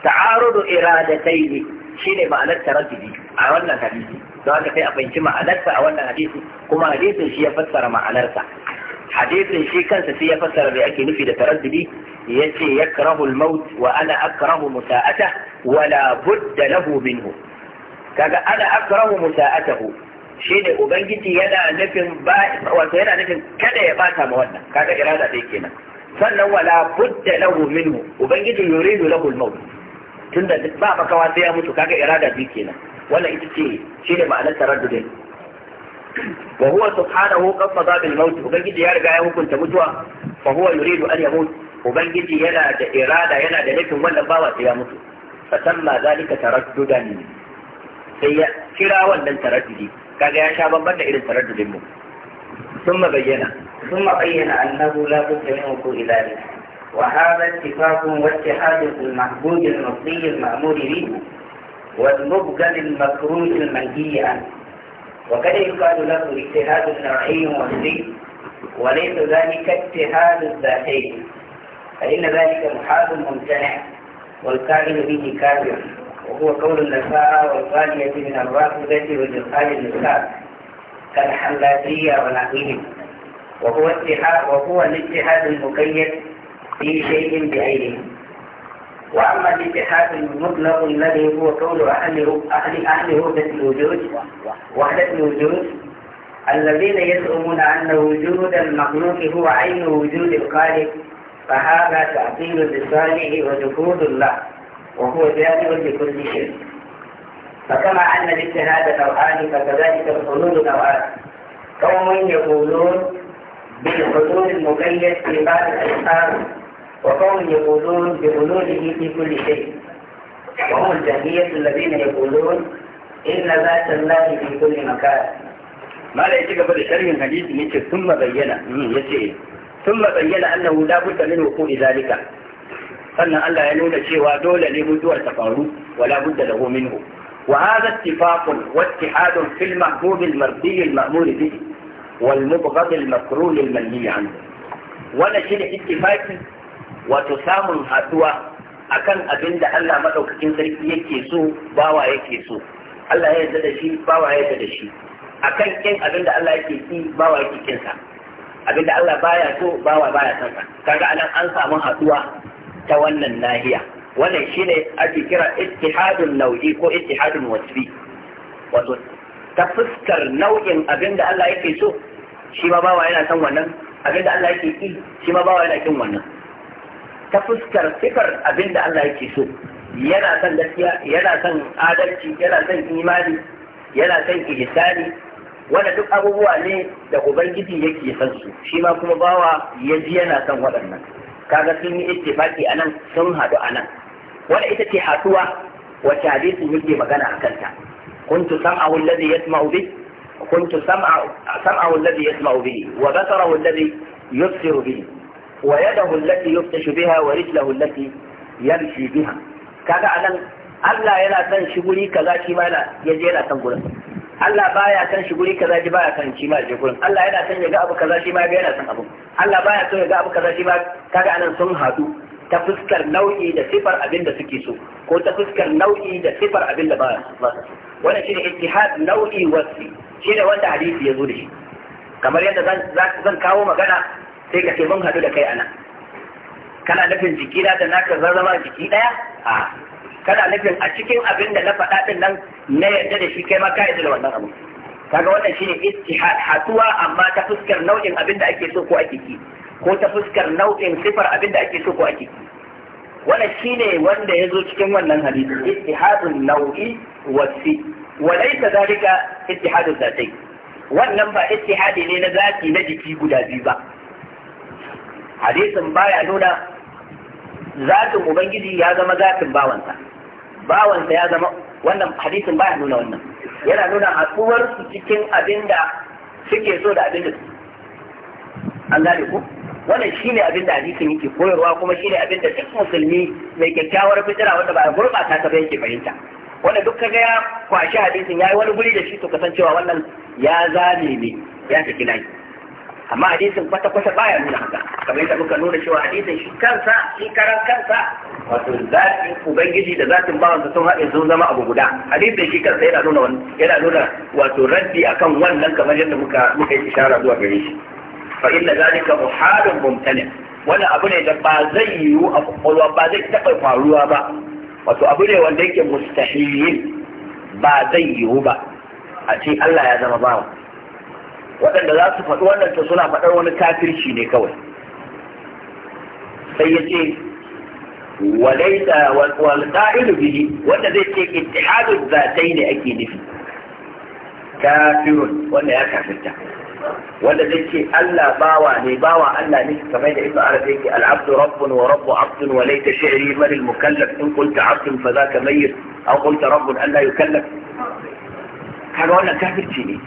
ta'arudu iradatai ne shine ma'anar taraddudi a wannan hadisi don haka sai a fahimci ma'anarsa a wannan hadisi kuma hadisin shi ya fassara ma'anarsa hadisin shi kansa sai ya fassara me ake nufi da taraddudi yace yakrahu al-maut wa ana akrahu musa'ata wa la budda lahu kaga ana akrahu musa'atahu shine ubangiji yana nufin ba wato yana nufin kada ya bata ma wannan kaga irada dai sannan wala budda lahu ubangiji yuridu lahu al tunda ba makawa sai ya mutu kaga irada dai wannan ita ce shine ma'anar taraddudin wa huwa subhanahu qad qada bil maut ubangiji ya riga ya hukunta mutuwa fa huwa yuridu an yamut ubangiji yana da irada yana da nufin wannan bawa sai ya mutu fa tamma zalika taraddudan sai ya kira wannan taraddudi kaga ya sha bamban da irin taraddudin mu ثم بين ثم بين أنه لا بد من وقوع ذلك وهذا اتفاق واتحاد المحبوب المرضي المأمور به والمبغض المكروه المنهي عنه وقد يقال له اجتهاد نوعي وحدي وليس ذلك اجتهاد ذاتي فإن ذلك محال ممتنع والكائن به كافر وهو قول النساء والغالية من الرافضة والإلقاء النساء كالحلاتية ونحوهم وهو اتحاد وهو الاجتهاد المقيد في شيء بعينه وأما الاتحاد المطلق الذي هو قول اهل أهل أهل وحدة الوجود وحدة الوجود الذين يزعمون أن وجود المخلوق هو عين وجود الخالق فهذا تعطيل لصالح وجهود الله وهو جامع لكل شيء فكما أن الاجتهاد نوعان فكذلك الحلول نوعان قوم يقولون بالحلول المقيد في بعض الأشخاص وقوم يقولون بغلوله في كل شيء وهم الجهلية الذين يقولون إن ذات الله في كل مكان ما لا يتيك بل شرح الحديث نيتي ثم بينا يتيه ثم بينا أنه لا بد من وقوع ذلك فأن الله ينون شيء ودولة لبدوى تفعله ولا بد له منه وهذا اتفاق واتحاد في المحبوب المرضي المأمور به والمبغض المكروه المنهي عنه ولا شيء اتفاق wato samun haduwa akan abin da Allah madaukakin sarki yake so bawa yake so Allah ya yarda da shi bawa ya yarda da shi akan kin abin da Allah yake ki bawa yake kin sa abin da Allah baya so bawa baya son sa kaga anan an samu haduwa ta wannan nahiya wannan shine ake kira ittihadun nau'i ko ittihadun wasfi wato ta fuskar nau'in abin da Allah yake so shi ma bawa yana son wannan abin da Allah yake ki shi ma bawa yana kin wannan ta fuskar sifar abin da Allah yake so yana son gaskiya yana son adalci yana son imani yana son ihsani wanda duk abubuwa ne da ubangiji yake son su shi ma kuma bawa ya ji yana son waɗannan kaga sun yi ittifaki anan sun haɗu anan wanda ita ce haɗuwa wacce hadisin yake magana a kanta kuntu sam'ahu alladhi yasma'u bi kuntu sam'ahu alladhi yasma'u bihi wa basarahu alladhi yubsiru bihi ويده التي يفتش بها ورجله التي يمشي بها kaga anan Allah yana san shi guri kaza shi ma yana yaje yana san gurin Allah baya san shi guri kaza shi baya san shi ma je gurin Allah yana san ya ga abu kaza shi ma ga yana san abu Allah baya so ya ga abu kaza shi ma kaga anan sun hadu ta fuskar nau'i da sifar abin da suke so ko ta fuskar nau'i da sifar abin da ba su wannan shine ittihad nau'i wasi shine wanda hadisi ya zo da shi kamar yadda zan kawo magana sai ka ce mun haɗu da kai nan. kana nufin jiki na da naka zama jiki ɗaya a kana nufin a cikin abin da na faɗa ɗin nan na yarda da shi kai ma ka da wannan abu kaga wannan shine ittihad hatuwa amma ta fuskar nau'in abin da ake so ko ake ki ko ta fuskar nau'in sifar abin da ake so ko ake ki wannan shine wanda yazo cikin wannan hadisi ittihadun nau'i wa za ni ka zalika ittihadu zatai wannan ba ittihadi ne na zati na jiki guda biyu ba hadisin baya nuna zatin ubangiji ya zama zatin bawansa bawansa ya zama wannan hadisin baya nuna wannan yana nuna haɗuwar su cikin abin da suke so da abin da an gane ku wannan shine abin da hadisin yake koyarwa kuma shine abin da duk musulmi mai kyakkyawar fitira wanda ba gurbata gurɓata ta ba yake fahimta wanda duk kaga ya kwashi hadisin yayi wani guri da shi to kasancewa wannan ya zame ne ya tafi layi amma hadisin kwata kwata baya nuna haka kamar yadda muka nuna cewa hadisin shi kansa shi karan kansa wato zatin ubangiji da zatin bawan sa sun haɗe sun zama abu guda hadisin shi kansa yana nuna yana nuna wato raddi akan wannan kamar yadda muka muka yi ishara zuwa gare shi fa inna zalika muhalun mumtani wani abu ne da ba zai yiwu a kwakwalwa ba zai taɓa faruwa ba wato abu ne wanda yake mustahiyin ba zai yiwu ba a ce Allah ya zama bawa waɗanda za su faɗi wannan ta suna faɗar wani kafirci ne kawai sai ya ce walaita wal qa'ilu bihi wanda zai ce ittihadu zatai ne ake nufi kafirun wanda ya kafirta wanda zai ce Allah bawa ne bawa Allah ne kamar da Ibn Arabi yake al-abdu rabbun wa rabbu abdun wa laita shi'ri man al-mukallaf in qulta abdun fa zaka mayyit aw qulta rabbun an la yukallaf kaga wannan kafirci ne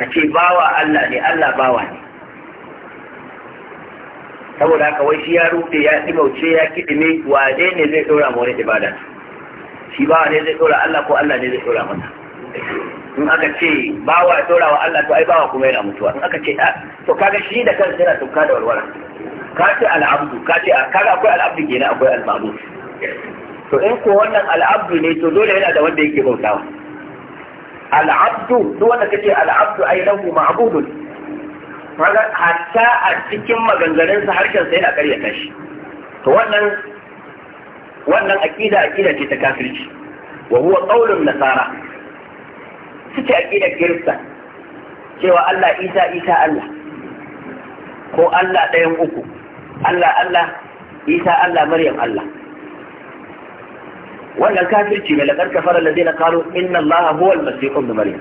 ka ce bawa Allah ne Allah bawa ne saboda haka wai shi ya rufe ya dimauce ya ne wane ne zai ɗora ma wani ibada shi bawa ne zai ɗora Allah ko Allah ne zai ɗora mata in aka ce bawa ya ɗora wa Allah to ai bawa kuma yana mutuwa in aka ce ah, to kaga shi da kansa yana tuka da warwara ka ce al'abdu ka ce kaga akwai al'abdu kenan akwai al'abdu to in ko wannan al'abdu ne to dole yana da wanda yake bautawa al'abdu duk wanda kace al'abdu ai lahu ma'budun kaga hatta a cikin maganganunsa sa harshen sa yana karyata shi to wannan wannan aqida aqida ce ta kafirci wa huwa qaulun nasara suke aqida kirista cewa Allah Isa Isa Allah ko Allah ɗayan uku Allah Allah Isa Allah Maryam Allah ولا كافرتي من لقد كفر الذين قالوا إن الله هو المسيح ابن مريم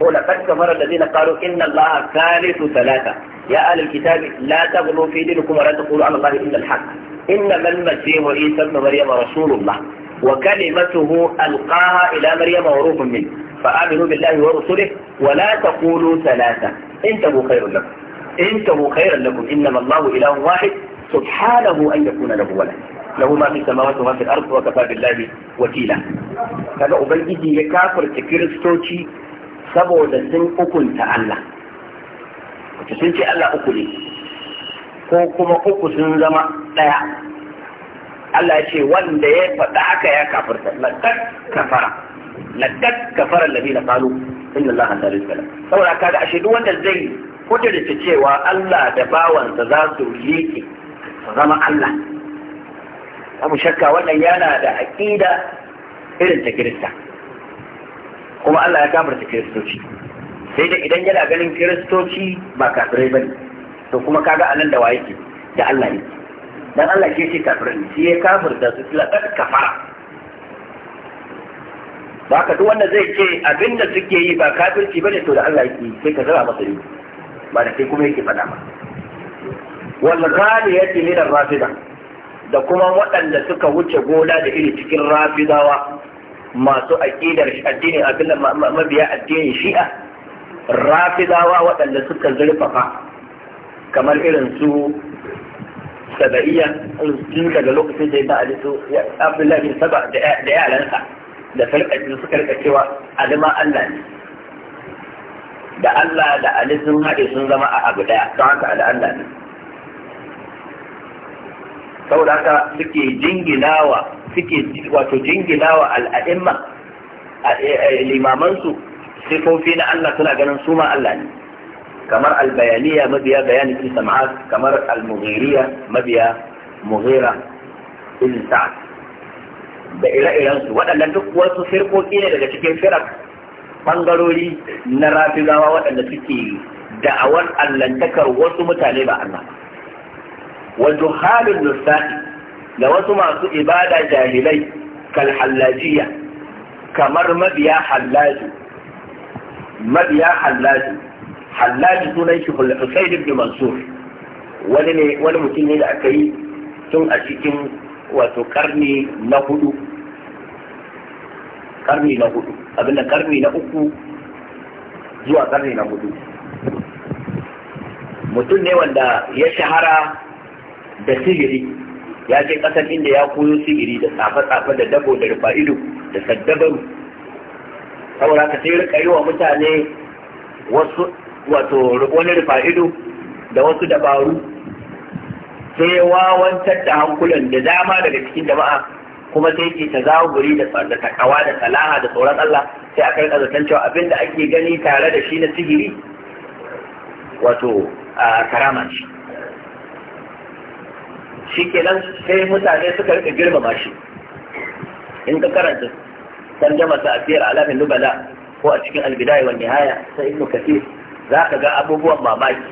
ولقد كفر الذين قالوا إن الله ثالث ثلاثة يا أهل الكتاب لا تغلوا في دينكم ولا تقولوا على الله إلا الحق إنما المسيح عيسى ابن مريم رسول الله وكلمته ألقاها إلى مريم وروح منه فآمنوا بالله ورسله ولا تقولوا ثلاثة انتبهوا خير لكم انتبهوا خير لكم إنما الله إله واحد سبحانه أن يكون له ولد lahu ma fi samawati wa ma fil ardi wa kafa billahi wakila kaga ubangiji ya kafirta kiristoci saboda sun hukunta Allah wato sun ce Allah uku ne ko kuma uku sun zama ɗaya Allah ya ce wanda ya faɗa haka ya kafirta laqad kafara laqad kafara alladhina qalu inna Allah la ilaha illa saboda kaga ashe duk wanda zai kudurta cewa Allah da bawansa za su liƙe zama Allah abu shakka wannan yana da aƙida irin ta kirista kuma Allah ya ta kiristoci sai da idan yana ganin kiristoci ba kafirai bane to kuma kaga anan da waye ke da Allah ne dan Allah ke ce kafirai ne shi ya da su tilaka kafara ba ka duk wanda zai ce abinda suke yi ba kafirci bane to da Allah yake sai ka zama masa ba da kai kuma yake faɗa ba wal ghaliyati min ar-rafida da kuma waɗanda suka wuce gona da iri cikin rafidawa masu aƙidar addinin abin da mabiya addinin shi'a rafidawa waɗanda suka zurfafa kamar irin su saba'iyya tun daga lokacin da ya ba a su abdullahi bin saba da yaransa da sarƙaci suka rika cewa alima allah ne da allah da ali sun haɗe sun zama a abu ɗaya don haka al'allah ne saboda suke jinginawa suke wato jinginawa a e, e, limamansu sifofi na Allah suna ganin su ma Allah ne kamar albayaniya mabiya bayani ibn sam'at kamar almughiriya mabiya mughira ibn sa'ad da ire-iren su waɗannan duk wasu firkoki ne daga cikin firak bangarori na rafizawa waɗanda suke da'awar allantakar wasu mutane ba Allah ba wa duhalin nusa'i da wasu masu ibada jahilai kan hallajiya kamar mabiya hallaji mabiya hallaji hallaji sunan shi Husayn ibn Mansur wani ne wani mutum aka yi tun a cikin wato karni na hudu karni na hudu abin da karni na uku zuwa karni na hudu mutum ne wanda ya shahara da sihiri ya je ƙasar inda ya koyo sihiri da tsafe-tsafe da dabo da rufa da saddabaru saboda ka sai rika yi wa mutane wasu wato wani rufa da wasu dabaru sai wawantar da hankulan da dama daga cikin jama'a kuma sai ke ta zaguri da takawa da salaha da tsoron Allah sai aka rika zaton cewa abin da ake gani tare da shi na sihiri wato a karama shi shikenan sai mutane suka rika girmama shi in ka karanta tarjama ta asiyar alamin nubala ko a cikin albidai wa nihaya sai ibnu ce za ka ga abubuwan mamaki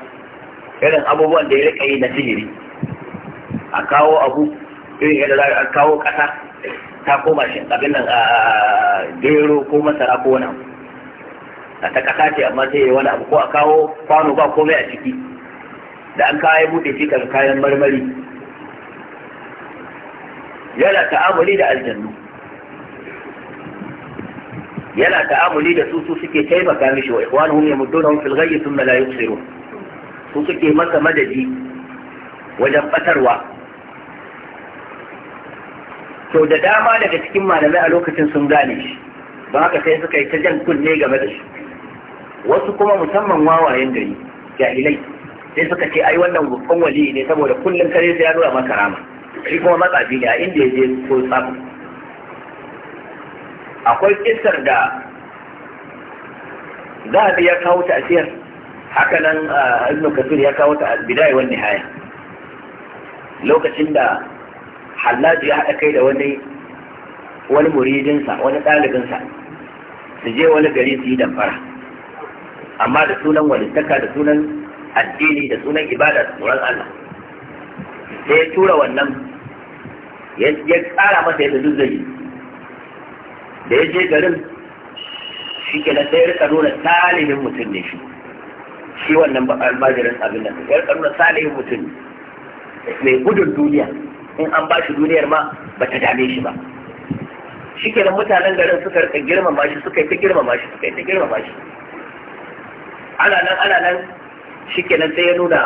irin abubuwan da ya rika yi na sihiri a kawo abu irin yadda za a kawo kasa ta koma shi abin nan a gero ko masara ko wani a ta kasa ce amma sai yi wani abu ko a kawo kwano ba komai a ciki da an kawo ya bude shi kan kayan marmari yana ta'amuli da aljannu yana ta'amuli da su su suke taimaka mishi wa ikhwanuhum yamuddunahum fil ghayyi thumma la yubsirun su suke masa madadi wajen batarwa to da dama daga cikin malamai a lokacin sun gane shi ba haka sai suka yi ta jan kunne game da shi wasu kuma musamman wawayen gari jahilai sai suka ce ai wannan babban wali ne saboda kullum kare sai ya nuna maka rama shi kuma matsafi ne a inda ya je ko samu akwai kisar da za a ya kawo ta asiyar haka nan ah, ibn kasir ya kawo ta bidaya wani haya lokacin da hallaji ya haɗa kai da wani wani muridinsa wani ɗalibinsa su je wani gari su yi damfara amma da sunan walittaka da sunan addini da sunan ibada da tsoron Allah sai ya tura wannan ya tsara masa yadda duk zai da ya je garin shi ke na sai rika nuna salihin mutum ne shi shi wannan almajirin abin nan ya rika nuna salihin mutum mai gudun duniya in an ba shi duniyar ma ba ta dame shi ba shi ke nan mutanen garin suka rika girmama shi suka yi ta girmama shi suka yi ta girmama shi ana nan ana nan shi ke nan sai ya nuna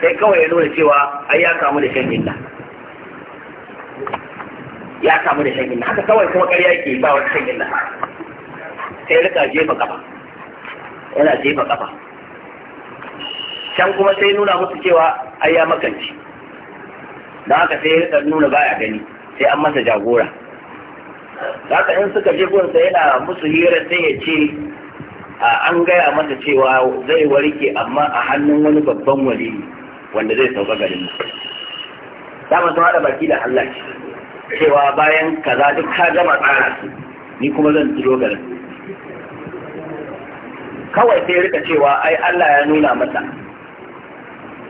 sai kawai ya nuna cewa ai ya kamu da shan illa ya kamu da shan haka kawai kuma ƙarya ke ba wani shan inna sai rika jefa kafa yana jefa kafa can kuma sai nuna musu cewa ai ya makanci don haka sai rika nuna baya gani sai an masa jagora haka in suka je gunsa yana musu hira sai ya ce an gaya masa cewa zai warke amma a hannun wani babban wali wanda zai sauka garin nan. Dama sun haɗa baki da Allah ce. cewa bayan kaza duk ka gama tsara su ni kuma zan ji dogara kawai sai rika cewa ai Allah ya nuna masa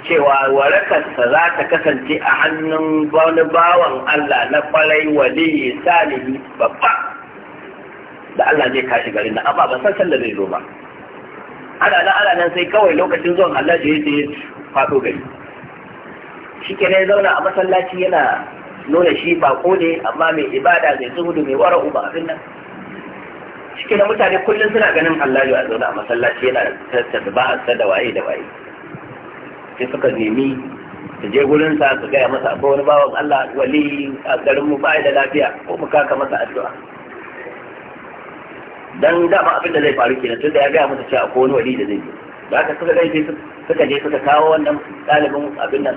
cewa warakarsa za ta kasance a hannun wani bawan Allah na kwarai waliyi salihi babba da Allah zai kashi garin na amma ba san san da zai zo ba ana nan ana nan sai kawai lokacin zuwan Allah ya sai faɗo gari shi ke zauna a masallaci yana nuna shi bako ne amma mai ibada zai zuhudu mai wara uba abin nan shi na mutane kullum suna ganin Allah ya zauna a masallaci yana tattata ba'arsa da waye da waye sai suka nemi su je gurin sa su gaya masa akwai wani bawan Allah wali a garin mu ba da lafiya ko mu kaka masa addu'a dan dama abin da zai faru kenan tunda ya gaya masa cewa akwai wani wali da zai yi da aka suka gaje suka je suka kawo wannan ɗalibin abin nan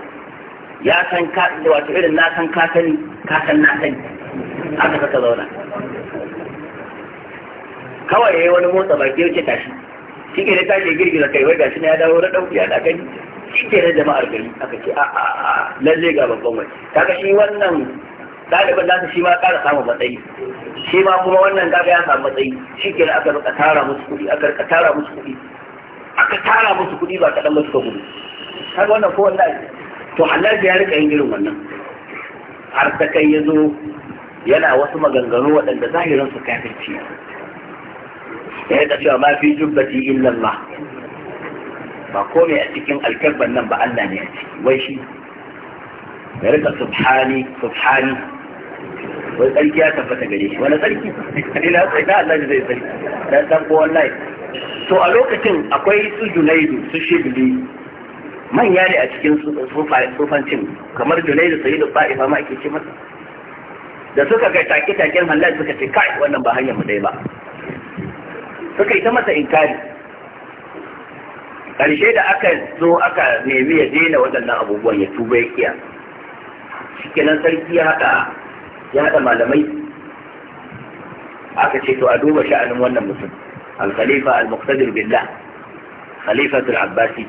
ya san ka wato irin na san ka sani ka san na sani aka saka zauna kawai yayi wani motsa baki ya wuce tashi shi ke da tashi girgiza kai wai gashi na ya dawo raɗau ya da gani shi ke da jama'ar gari aka ce a a lalle ga babban wani kaga shi wannan ɗaliban nasa shi ma ƙara samun matsayi shi ma kuma wannan kaga ya samu matsayi shi ke aka rika tara musu kuɗi aka rika tara musu kuɗi aka tara musu kuɗi ba kaɗan musu ka gudu kaga wannan ko wannan to Allah ya rika yin irin wannan har ta kai ya zo yana wasu maganganu waɗanda zahirin su kafirci ya rika cewa ma fi jubbati illa Allah ba komai a cikin alkarban nan ba Allah ne a ciki wai shi ya rika subhani subhani wai tsarki ya tabbata gare shi wani tsarki ina tsarki Allah zai tsarki dan dan ko wallahi to a lokacin akwai su junaidu su shibli manya ne a cikin sufancin kamar junai da sayi da fa’i ma ake ce masa da suka kai take-taken halal suka ce kai wannan ba hanyar mu dai ba suka yi ta masa inkari ƙarshe da aka zo aka nemi ya daina waɗannan abubuwan ya tuba ya kiya shikenan sarki ya haɗa ya haɗa malamai aka ce to a duba sha'anin wannan mutum al-khalifa al-muqtadir billah khalifatul abbasi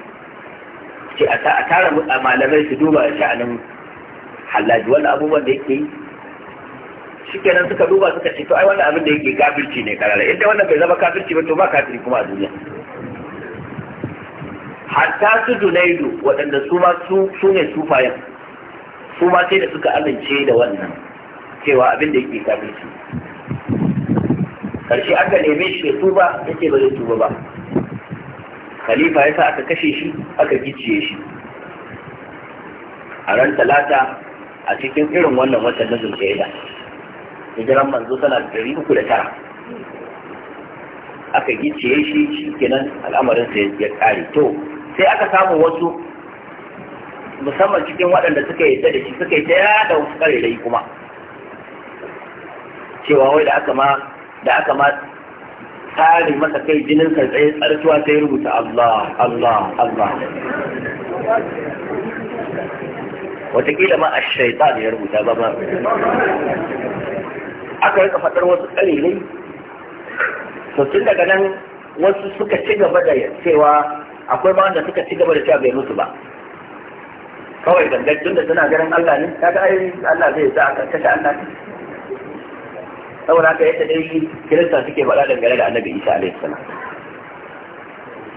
ce a tara malamai su duba sha'anin hallaji wani abubuwan da yake shi kenan suka duba suka ce to ai wani abin da yake kafirci ne karara inda wannan bai zama kafirci ba to ba kafiri kuma a duniya hatta su dunaidu waɗanda su ma su ne sufayen su ma sai da suka amince da wannan cewa abin da yake kafirci karshe aka neme shi ya tuba yake ba zai tuba ba khalifa ya sa aka kashe shi aka gicciye shi a ran talata a cikin irin wannan watan na zulkaida hijiran manzo tana ɗari uku da tara aka gicciye shi shi nan al'amarin ya ƙare to sai aka samu wasu musamman cikin waɗanda suka yi da shi suka yi ta yada wasu ƙarerai kuma cewa wai da aka ma da aka ma kare masa kai jinin kartsaye tsartuwa sai rubuta Allah Allah Allah watakila ma a shaitan ya rubuta ba ba aka rika faɗar wasu ƙalilai to tun daga nan wasu suka ci gaba da cewa akwai ba wanda suka ci gaba da cewa bai mutu ba kawai gangan tun da suna ganin Allah ne ga ai Allah zai sa aka kashe Allah saboda haka yadda dai kirista suke faɗa dangane da annabi isa alaihi salam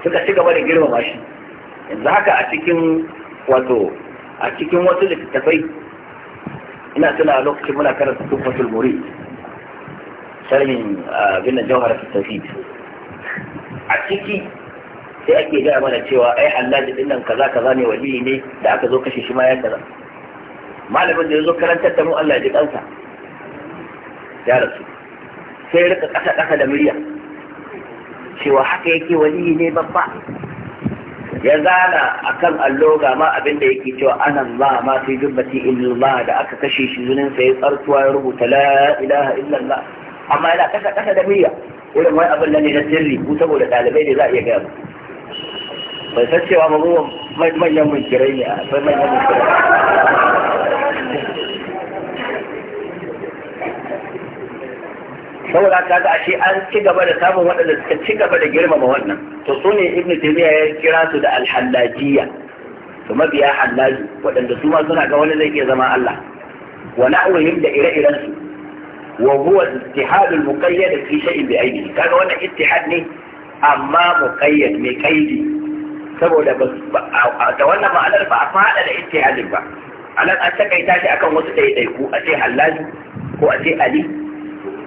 suka ci gaba da girmama shi yanzu haka a cikin wato a cikin wasu littattafai ina tuna lokacin muna karanta tuhfatul murid sharhin da ah, jawhar tawhid a ciki sai ake gaya mana cewa ai hallaji din nan kaza kaza ne waliyi ne da aka zo kashe shi ma ya kaza malamin da ya zo karantar ta mu Allah ya ji kansa ya rasu sai rika kasa kasa da murya cewa haka yake wani ne babba ya zana a kan allo ga ma abin da yake cewa anan ma ma fi jubbati illallah da aka kashe shi zunin sai tsartuwa ya rubuta la ilaha illallah amma yana kasa kasa da miliya irin wani abin da ne na sirri ku saboda dalibai ne za a iya gaya mu bai san cewa mabuwan manyan munkirai ne a manyan munkirai saboda ka ga ashe an ci gaba da samun waɗanda suka ci gaba da girmama wannan to su ne ibnu taymiya ya kira su da alhallajiya to mabiya hallaji waɗanda su ma suna ga wani zai iya zama Allah wa na'uhum da ire-iren su wa huwa al-ittihad al-muqayyad fi shay'in bi aydihi kaga wannan ittihad ne amma muqayyad mai kaidi saboda da wannan ma'anar ba a fada da ittihadin ba anan an takaita shi akan wasu ɗaiɗaiku a ce hallaji ko a ce ali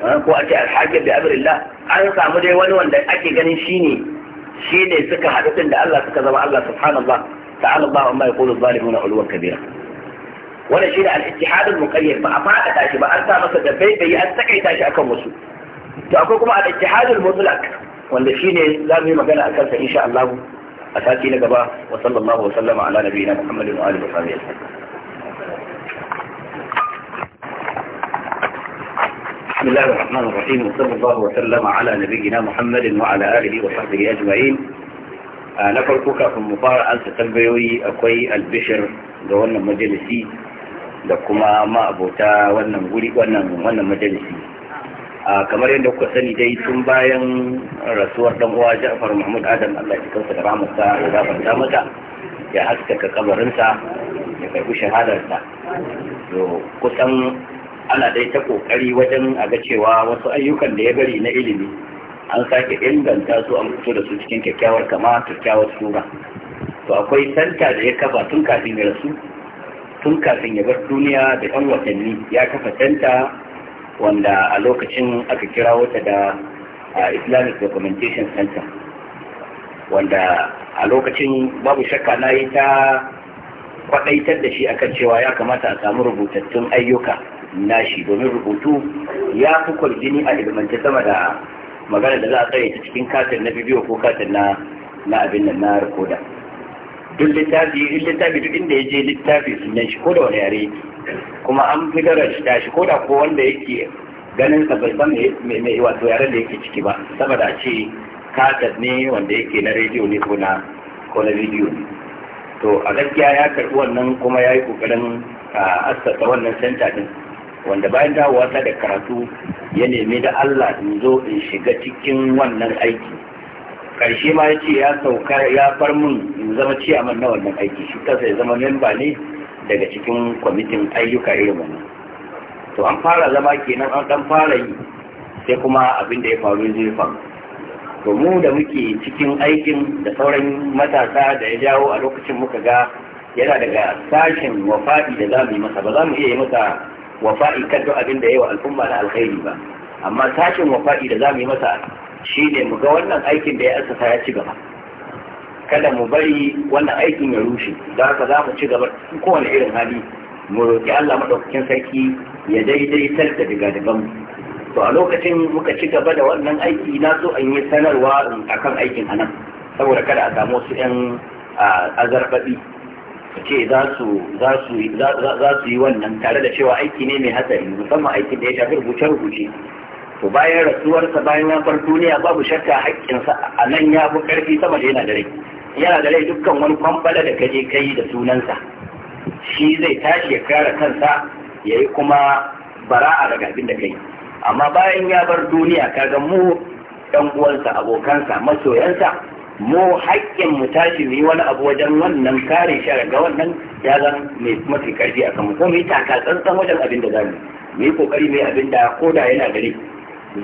ko a ce alhakim bi amrillah an samu dai wani wanda ake ganin shine shine suka haɗu din da Allah suka zama Allah subhanallah ta'ala Allah amma yaqulu zalimuna ulwan kabira wannan shine al-ittihad al-muqayyad ba a fada shi ba an sa masa da baibayi an takaita shi akan wasu to akwai kuma al-ittihad al-mutlaq wanda shine za mu yi magana akan sa insha Allah a sati na gaba wa sallallahu wa sallama ala nabiyina Muhammadin wa alihi wa sahbihi بسم الله الرحمن الرحيم وصلى الله وسلم على نبينا محمد وعلى آله وصحبه أجمعين na farko kafin mu fara ansa tambayoyi akwai albishir ga wannan majalisi da kuma ma'abota wannan guri wannan wannan majalisi ah, kamar yadda kuka sani dai tun bayan rasuwar dan uwa Ja'far Muhammad Adam Allah ya kansa da rahmatsa ya gafarta mata ya haskaka kabarinsa ya karbi shahadarsa to kusan ana dai ta kokari wajen a ga cewa wasu ayyukan da ya bari na ilimi an sake inganta su an fito da su cikin kyakkyawar kama kyakkyawar sura to akwai santa da ya kafa tun kafin ya rasu tun kafin ya bar duniya da yan watanni ya kafa santa wanda a lokacin aka kira wata da islamic documentation center wanda a lokacin babu shakka na yi ta kwadaitar da shi akan cewa ya kamata a samu rubutattun ayyuka nashi domin rubutu ya fi kwalgini a ilmance sama da magana da za a tsaye cikin katin na bidiyo ko katin na abin nan na rikoda duk littafi duk littafi duk inda ya je littafi sunan shi ko da wani yare kuma an fi da shi ko da ko wanda yake ganin sa bai san me wato yaren da yake ciki ba saboda a ce katin ne wanda yake na rediyo ne ko na ko na bidiyo ne to a gaskiya ya karɓi wannan kuma ya yi ƙoƙarin a assasa wannan senta ɗin. wanda bayan dawowa ta da karatu ya nemi da Allah in zo in shiga cikin wannan aiki karshe ma ya ce ya sauka ya far mun in zama ciyaman na wannan aiki shi kansa ya zama memba ne daga cikin kwamitin ayyuka irin wannan to an fara zama kenan an dan fara yi sai kuma abin da ya faru zai faru to mu da muke cikin aikin da sauran matasa da ya jawo a lokacin muka ga yana daga sashen wafaɗi da za mu yi masa ba za mu iya yi masa wafa'i kan duk abin da yayi wa al'umma na alkhairi ba amma tashin wafa'i da zamu yi masa shine mu ga wannan aikin da ya asasa ya ci gaba kada mu bari wannan aikin ya rushe da haka za mu ci gaba kowane irin hali mu roƙi Allah madaukakin sarki ya daidai sarta diga digan to a lokacin muka ci gaba da wannan aiki na so an yi sanarwa akan aikin anan saboda kada a samu wasu 'yan azarbaɗi ce za su yi wannan tare da cewa aiki ne mai hatsari musamman aikin da ya shafi rubuce-rubuce to bayan rasuwarsa bayan ya bar duniya babu shakka haƙƙinsa a nan ya fi ƙarfi sama da yana da rai yana da rai dukkan wani kwambala da kaje kai da sunansa shi zai tashi ya kare kansa ya yi kuma bara'a daga abin da kai amma bayan ya bar duniya kaga mu ɗan uwansa abokansa masoyansa mu haƙƙin mu tashi mu yi wani abu wajen wannan kare shi ga wannan ya zan mai mafi karfi a kanmu, ko mu yi taka tsantsan wajen abin da za mu mu yi kokari mu yi abin da ko da yana gari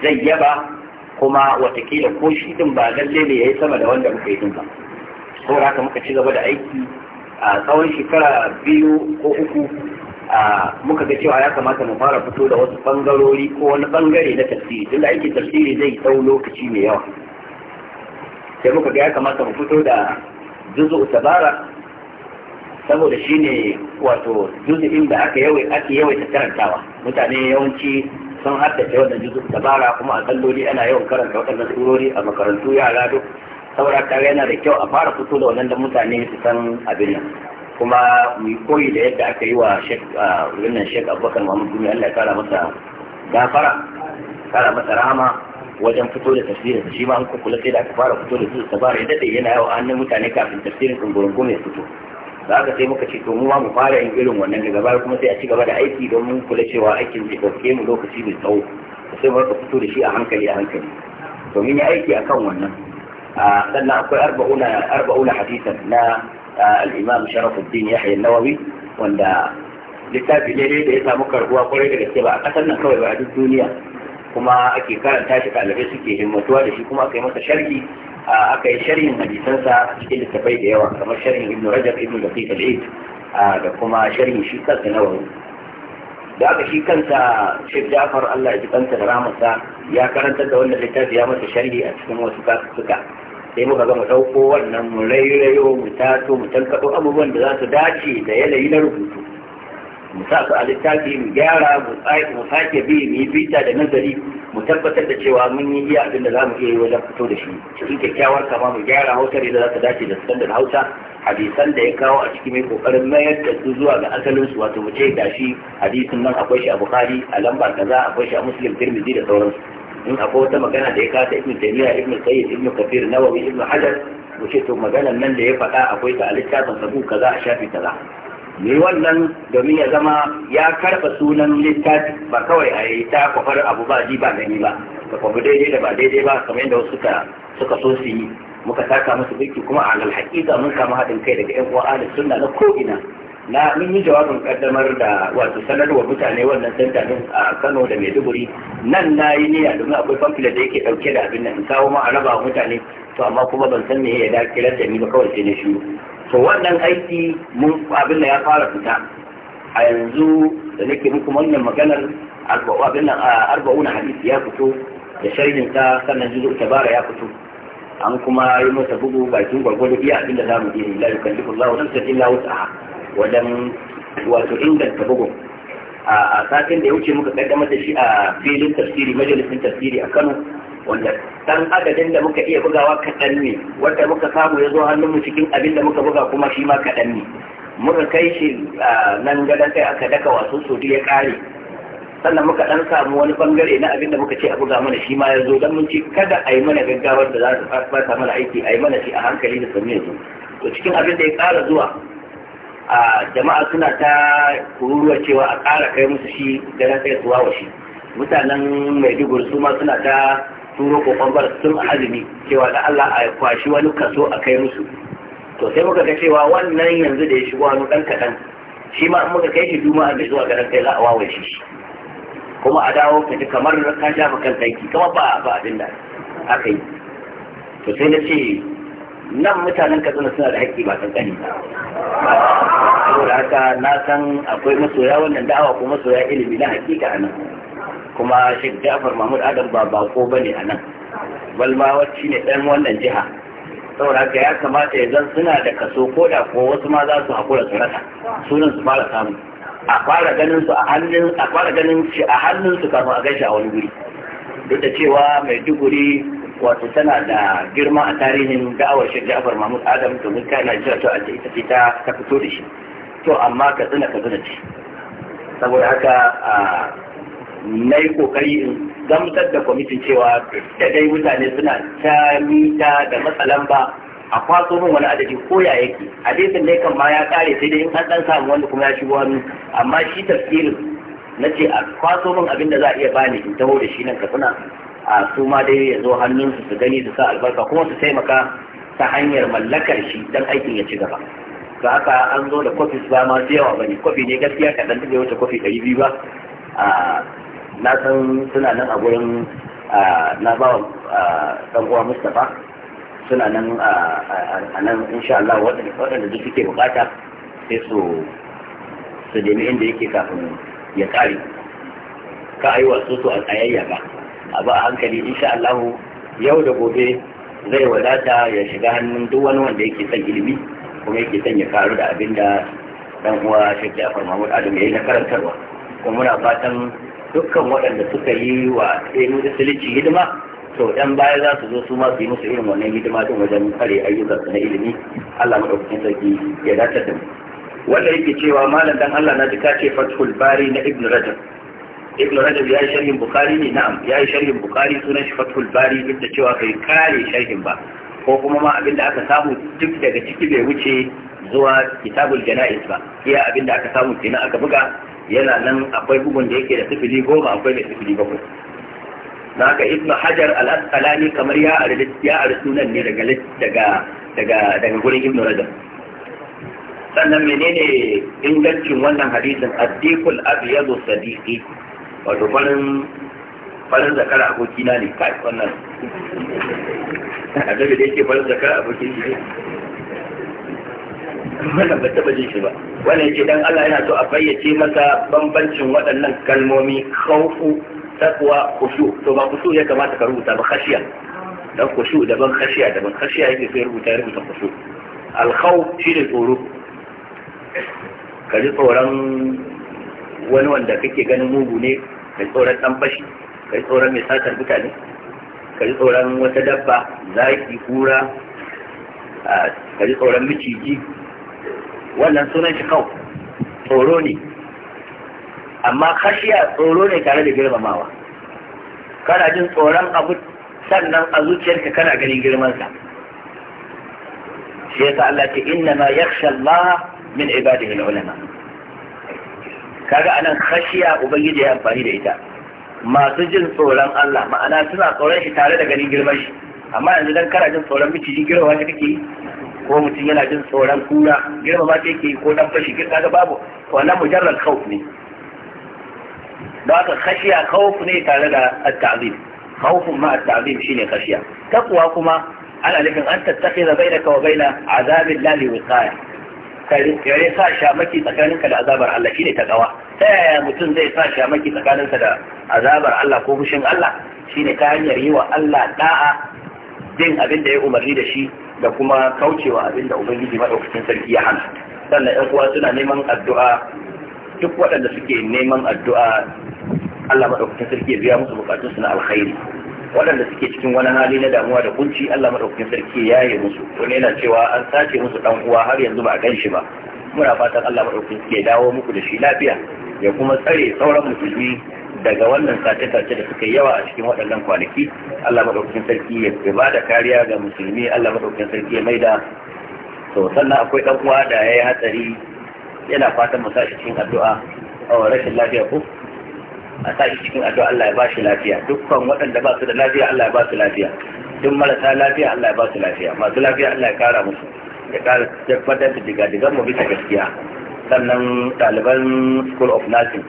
zai yaba kuma watakila ko shi din ba lalle ne yayi sama da wanda muka yi din ba saboda haka muka ci gaba da aiki a tsawon shekara biyu ko uku a muka ga cewa ya kamata mu fara fito da wasu bangarori ko wani bangare na tafsiri tunda aikin tafsiri zai ɗau lokaci mai yawa sai muka ga ya kamata mu fito da juzu tabara saboda shine wato juzu'in da aka yawai ake yawaita karantawa mutane yawanci sun haddace wannan juzu tabara kuma a kalloli ana yawan karanta waɗannan surori a makarantu yara duk saboda ka yana da kyau a fara fito da wannan da mutane su san abin nan kuma mu koyi da yadda aka yi wa wannan shek abubakar muhammad ne allah ya kara masa gafara kara masa rahama wajen fito da tafsirin shi ma an kula sai da aka fara fito da su tabara ya dade yana yawa annan mutane kafin tafsirin kungurungun ya fito da aka sai muka ce to mu ma mu fara yin irin wannan daga baya kuma sai a ci gaba da aiki don mun kula cewa aikin zai dauke mu lokaci mai tsawo sai mu fito da shi a hankali a hankali to mun yi aiki akan wannan sannan akwai arba'una hadisan na al-imam Sharafuddin Yahya nawawi wanda littafi ne da ya samu karbuwa kwarai da gaske ba a ƙasar nan kawai ba a duk duniya kuma ake karanta shi ɗalibai suke himmatuwa da shi kuma aka yi masa sharhi aka yi sharhin hadisansa cikin littafai da yawa kamar sharhin ibnu rajab ibnu daqiq al da kuma sharhin shi kansa na wani da aka shi kansa Sheikh Ja'far Allah ya ji kansa da ramarsa ya karanta da wannan littafi ya masa sharhi a cikin wasu kasuka sai muka ga mu ɗauko wannan mu rairayo mu tato mu tankaɗo abubuwan da za su dace da yanayi na rubutu mu sa su a littafi mu gyara mu sake bi mu yi bita da nazari mu tabbatar da cewa mun yi iya abin da za mu iya yi wajen fito da shi cikin kyakkyawar kama mu gyara hausar da za ta dace da standard hausa hadisan da ya kawo a cikin mai kokarin mayar da su zuwa ga asalinsu wato mu ce gashi hadisin nan akwai shi a bukhari a lamba kaza akwai shi a muslim tirmidhi da sauransu in akwai wata magana da ya kasa ibn taymiya ibnu sayyid ibn kafir nawawi ibn hajar mu ce to maganar nan da ya faɗa akwai ta a littafin sabu kaza a shafi kaza ya wannan domin ya zama ya karɓa sunan littafi ba kawai a yi ta kwafar abu ba ji ba gani ba ka kwafi daidai da ba daidai ba kamar yadda wasu suka so su yi muka saka musu birki kuma a alhaƙiƙa mun kama haɗin kai daga 'yan uwa da suna na ko'ina na mun yi jawabin kaddamar da wato sanarwa mutane wannan santa din a Kano da Maiduguri nan na yi niyya domin akwai pamphlet da yake dauke da abin nan in kawo ma a raba mutane to amma kuma ban san me ya dakilar da ni ba kawai sai na shiru to wannan aiki mun abin da ya fara fita a yanzu da nake muku wannan maganar abin nan arba'una hadisi ya fito da sharhin ta sannan juzu tabara ya fito an kuma yi masa bugu bakin gwargwado iya abin da za mu yi la yukallifu Allahu nafsan illa wus'aha wajen wato inganta bugun a satin da ya wuce muka kaddamar da shi a filin tafsiri majalisin tafsiri a Kano wanda dan adadin da muka iya bugawa kaɗan ne wanda muka samu ya zo hannunmu cikin abin da muka buga kuma shi ma kaɗan ne muka kai shi nan gadon sai aka daka wasu sodi ya ƙare sannan muka ɗan samu wani bangare na abin da muka ce a buga mana shi ma ya zo don mun ce kada a yi mana gaggawar da za su fasa mana aiki a yi mana shi a hankali da sannu ya zo to cikin abin da ya ƙara zuwa a jama'a suna ta kururuwa cewa a ƙara kai musu shi da na kai su wa shi mutanen maiduguri su ma suna ta turo kokon bar sun azumi cewa da Allah a kwashi wani kaso a kai musu to sai muka ga cewa wannan yanzu da ya shigo wani dan kadan shi ma in muka kai shi duma a zuwa garin kai za a wawaye shi kuma a dawo ka ji kamar ka shafa kan tanki kamar ba ba abin da aka yi to sai na ce nan mutanen katsina suna da haƙƙi ba kani ba saboda haka na san akwai masoya wannan da'awa ko masoya ilimi na hakika a nan kuma Sheikh Ja'far Mahmud Adam ba bako bane a nan balma wacce ne ɗan wannan jiha saboda haka ya kamata ya zan suna da kaso ko da ko wasu ma za su haƙura su rasa sunan su fara samu a fara ganin su a hannun a fara ganin shi a hannun su kafin a gaishe a wani guri duk da cewa mai Maiduguri wato tana da girma a tarihin da'awar shi Ja'far Mahmud Adam to mun kana to a ita ce ta fito da shi to amma ka tsina ka tsina ce saboda haka ah, na yi kokari in gamsar da kwamitin cewa da dai mutane suna ta mita da matsalan ba a kwaso min wani adadi ko ya yake hadisin dai kan ma ya kare sai dai in an dan samu wanda kuma ya shigo hannu amma shi tafsirin na ce a kwaso min abin da za a iya bani in taho da shi nan suna a su ma dai ya zo hannunsu su gani su sa albarka kuma su taimaka ta hanyar mallakar shi dan aikin ya ci gaba ga haka an zo da kofis ba ma yawa bane kofi ne gaskiya kaɗan da ya wuce kofi ɗari biyu ba na san suna nan a gurin na ba dan uwa Mustapha suna nan a nan insha Allah waɗanda duk suke bukata sai su su nemi inda yake kafin ya kare ka a yi wasu su a tsayayya ba a ba a hankali insha Allah yau da gobe zai wadata ya shiga hannun duk wani wanda yake son ilimi kuma yake son ya karu da abin da dan uwa Sheikh Jafar Mahmud Adam yayi na karantarwa kuma muna fatan dukkan waɗanda suka yi wa ɗaya musulunci hidima to ɗan baya za su zo su ma su yi musu irin wannan hidima din wajen kare ayyukansu na ilimi Allah madaukakin sarki ya dace da mu wanda yake cewa malam dan Allah na ji ka ce fatul Bari na Ibn Rajab Ibn Rajab ya yi sharhin Bukhari ne na'am ya yi sharhin Bukhari sunan shi fatul Bari duk da cewa kai kare sharhin ba ko kuma ma abinda aka samu duk daga ciki bai wuce zuwa kitabul jana'iz ba iya abinda aka samu kenan aka buga yana nan akwai bugun da yake da sifili goma akwai da sifili bakwai na haka ibnu hajar al-asqalani kamar ya arzi ya arzi sunan ne daga daga daga daga gurin ibnu rajab sannan menene ingancin wannan hadisin addiqul abyadu sadiqi wato farin farin zakara aboki na ne kai wannan annabi da yake farin zakara aboki ne wannan ba taba jin shi ba wannan yake dan Allah yana so a fayyace masa bambancin waɗannan kalmomi khawfu taqwa khushu to ba khushu ya kamata ka rubuta ba khashiya dan khushu daban khashiya daban khashiya yake sai rubuta ya rubuta khushu al khawf ne tsoro ka ji tsoron wani wanda kake ganin mugu ne kai tsoron dan fashi kai tsoron mai satar mutane kai tsoron wata dabba zaki kura kai tsoron miciji wannan sunan shi kawo tsoro ne amma kashiya tsoro ne tare da girmamawa kana jin tsoron abu sannan a zuciyarka kana ganin girmansa shi yasa Allah ke inna ma yakhsha Allah min ibadihi ulama kaga anan kashiya ubangiji ya amfani da ita masu jin tsoron Allah ma'ana suna tsoron shi tare da ganin girman shi amma yanzu dan kana jin tsoron miciji girma wani kake yi ko mutum yana jin tsoron kura girma ba ta yake ko dan fashi girka ga babu wannan mujarrad khawf ne don haka khashiya khawf ne tare da at-ta'zim khawfun ma at-ta'zim shine khashiya taqwa kuma ana nufin an tattakhidha bainaka wa baina azabil lahi wiqaya kare sa shamaki tsakaninka da azabar Allah shine ta gawa ta yaya mutum zai sa shamaki tsakaninsa da azabar Allah ko fushin Allah shine ta hanyar yi wa Allah da'a bin abin da ya umarni da shi da kuma kaucewa abinda da ubangiji madaukakin sarki ya hana sannan yan uwa suna neman addu'a duk waɗanda suke neman addu'a Allah madaukakin sarki ya biya musu bukatun su na alkhairi waɗanda suke cikin wani hali na damuwa da kunci Allah madaukakin sarki ya yi musu wani yana cewa an sace musu ɗan uwa har yanzu ba a gan shi ba muna fatan Allah madaukakin sarki ya dawo muku da shi lafiya ya kuma tsare sauran musulmi daga wannan sace-sace da suka yawa a cikin waɗannan kwanaki Allah maɗaukakin sarki ya ba da kariya ga musulmi Allah maɗaukakin sarki ya maida to sannan akwai ɗan uwa da ya yi hatsari yana fatan mu shi cikin addu'a a oh, rashin lafiya ko a shi cikin addu'a Allah ya ba shi lafiya dukkan waɗanda ba su da lafiya Allah ya ba su lafiya duk marasa lafiya Allah ya ba su lafiya masu lafiya Allah ya kara musu ya kara tabbatar da diga-digan mu bisa gaskiya sannan ɗaliban school of nursing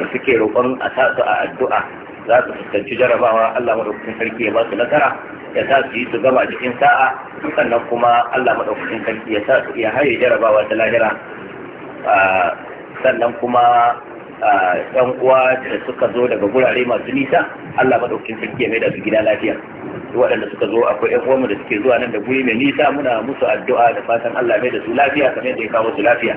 da suke roƙon a sa su a addu'a za su fuskanci jarabawa Allah madaukakin sarki ya ba su nasara ya sa su yi su gama cikin sa'a sannan kuma Allah madaukakin sarki ya sa su iya haye jarabawa ta lahira sannan kuma ɗan uwa da suka zo daga gurare masu nisa Allah madaukakin sarki ya mai da su gida lafiya waɗanda suka zo akwai ƴan uwanmu da suke zuwa nan da guri mai nisa muna musu addu'a da fatan Allah mai da su lafiya kamar yadda ya kawo su lafiya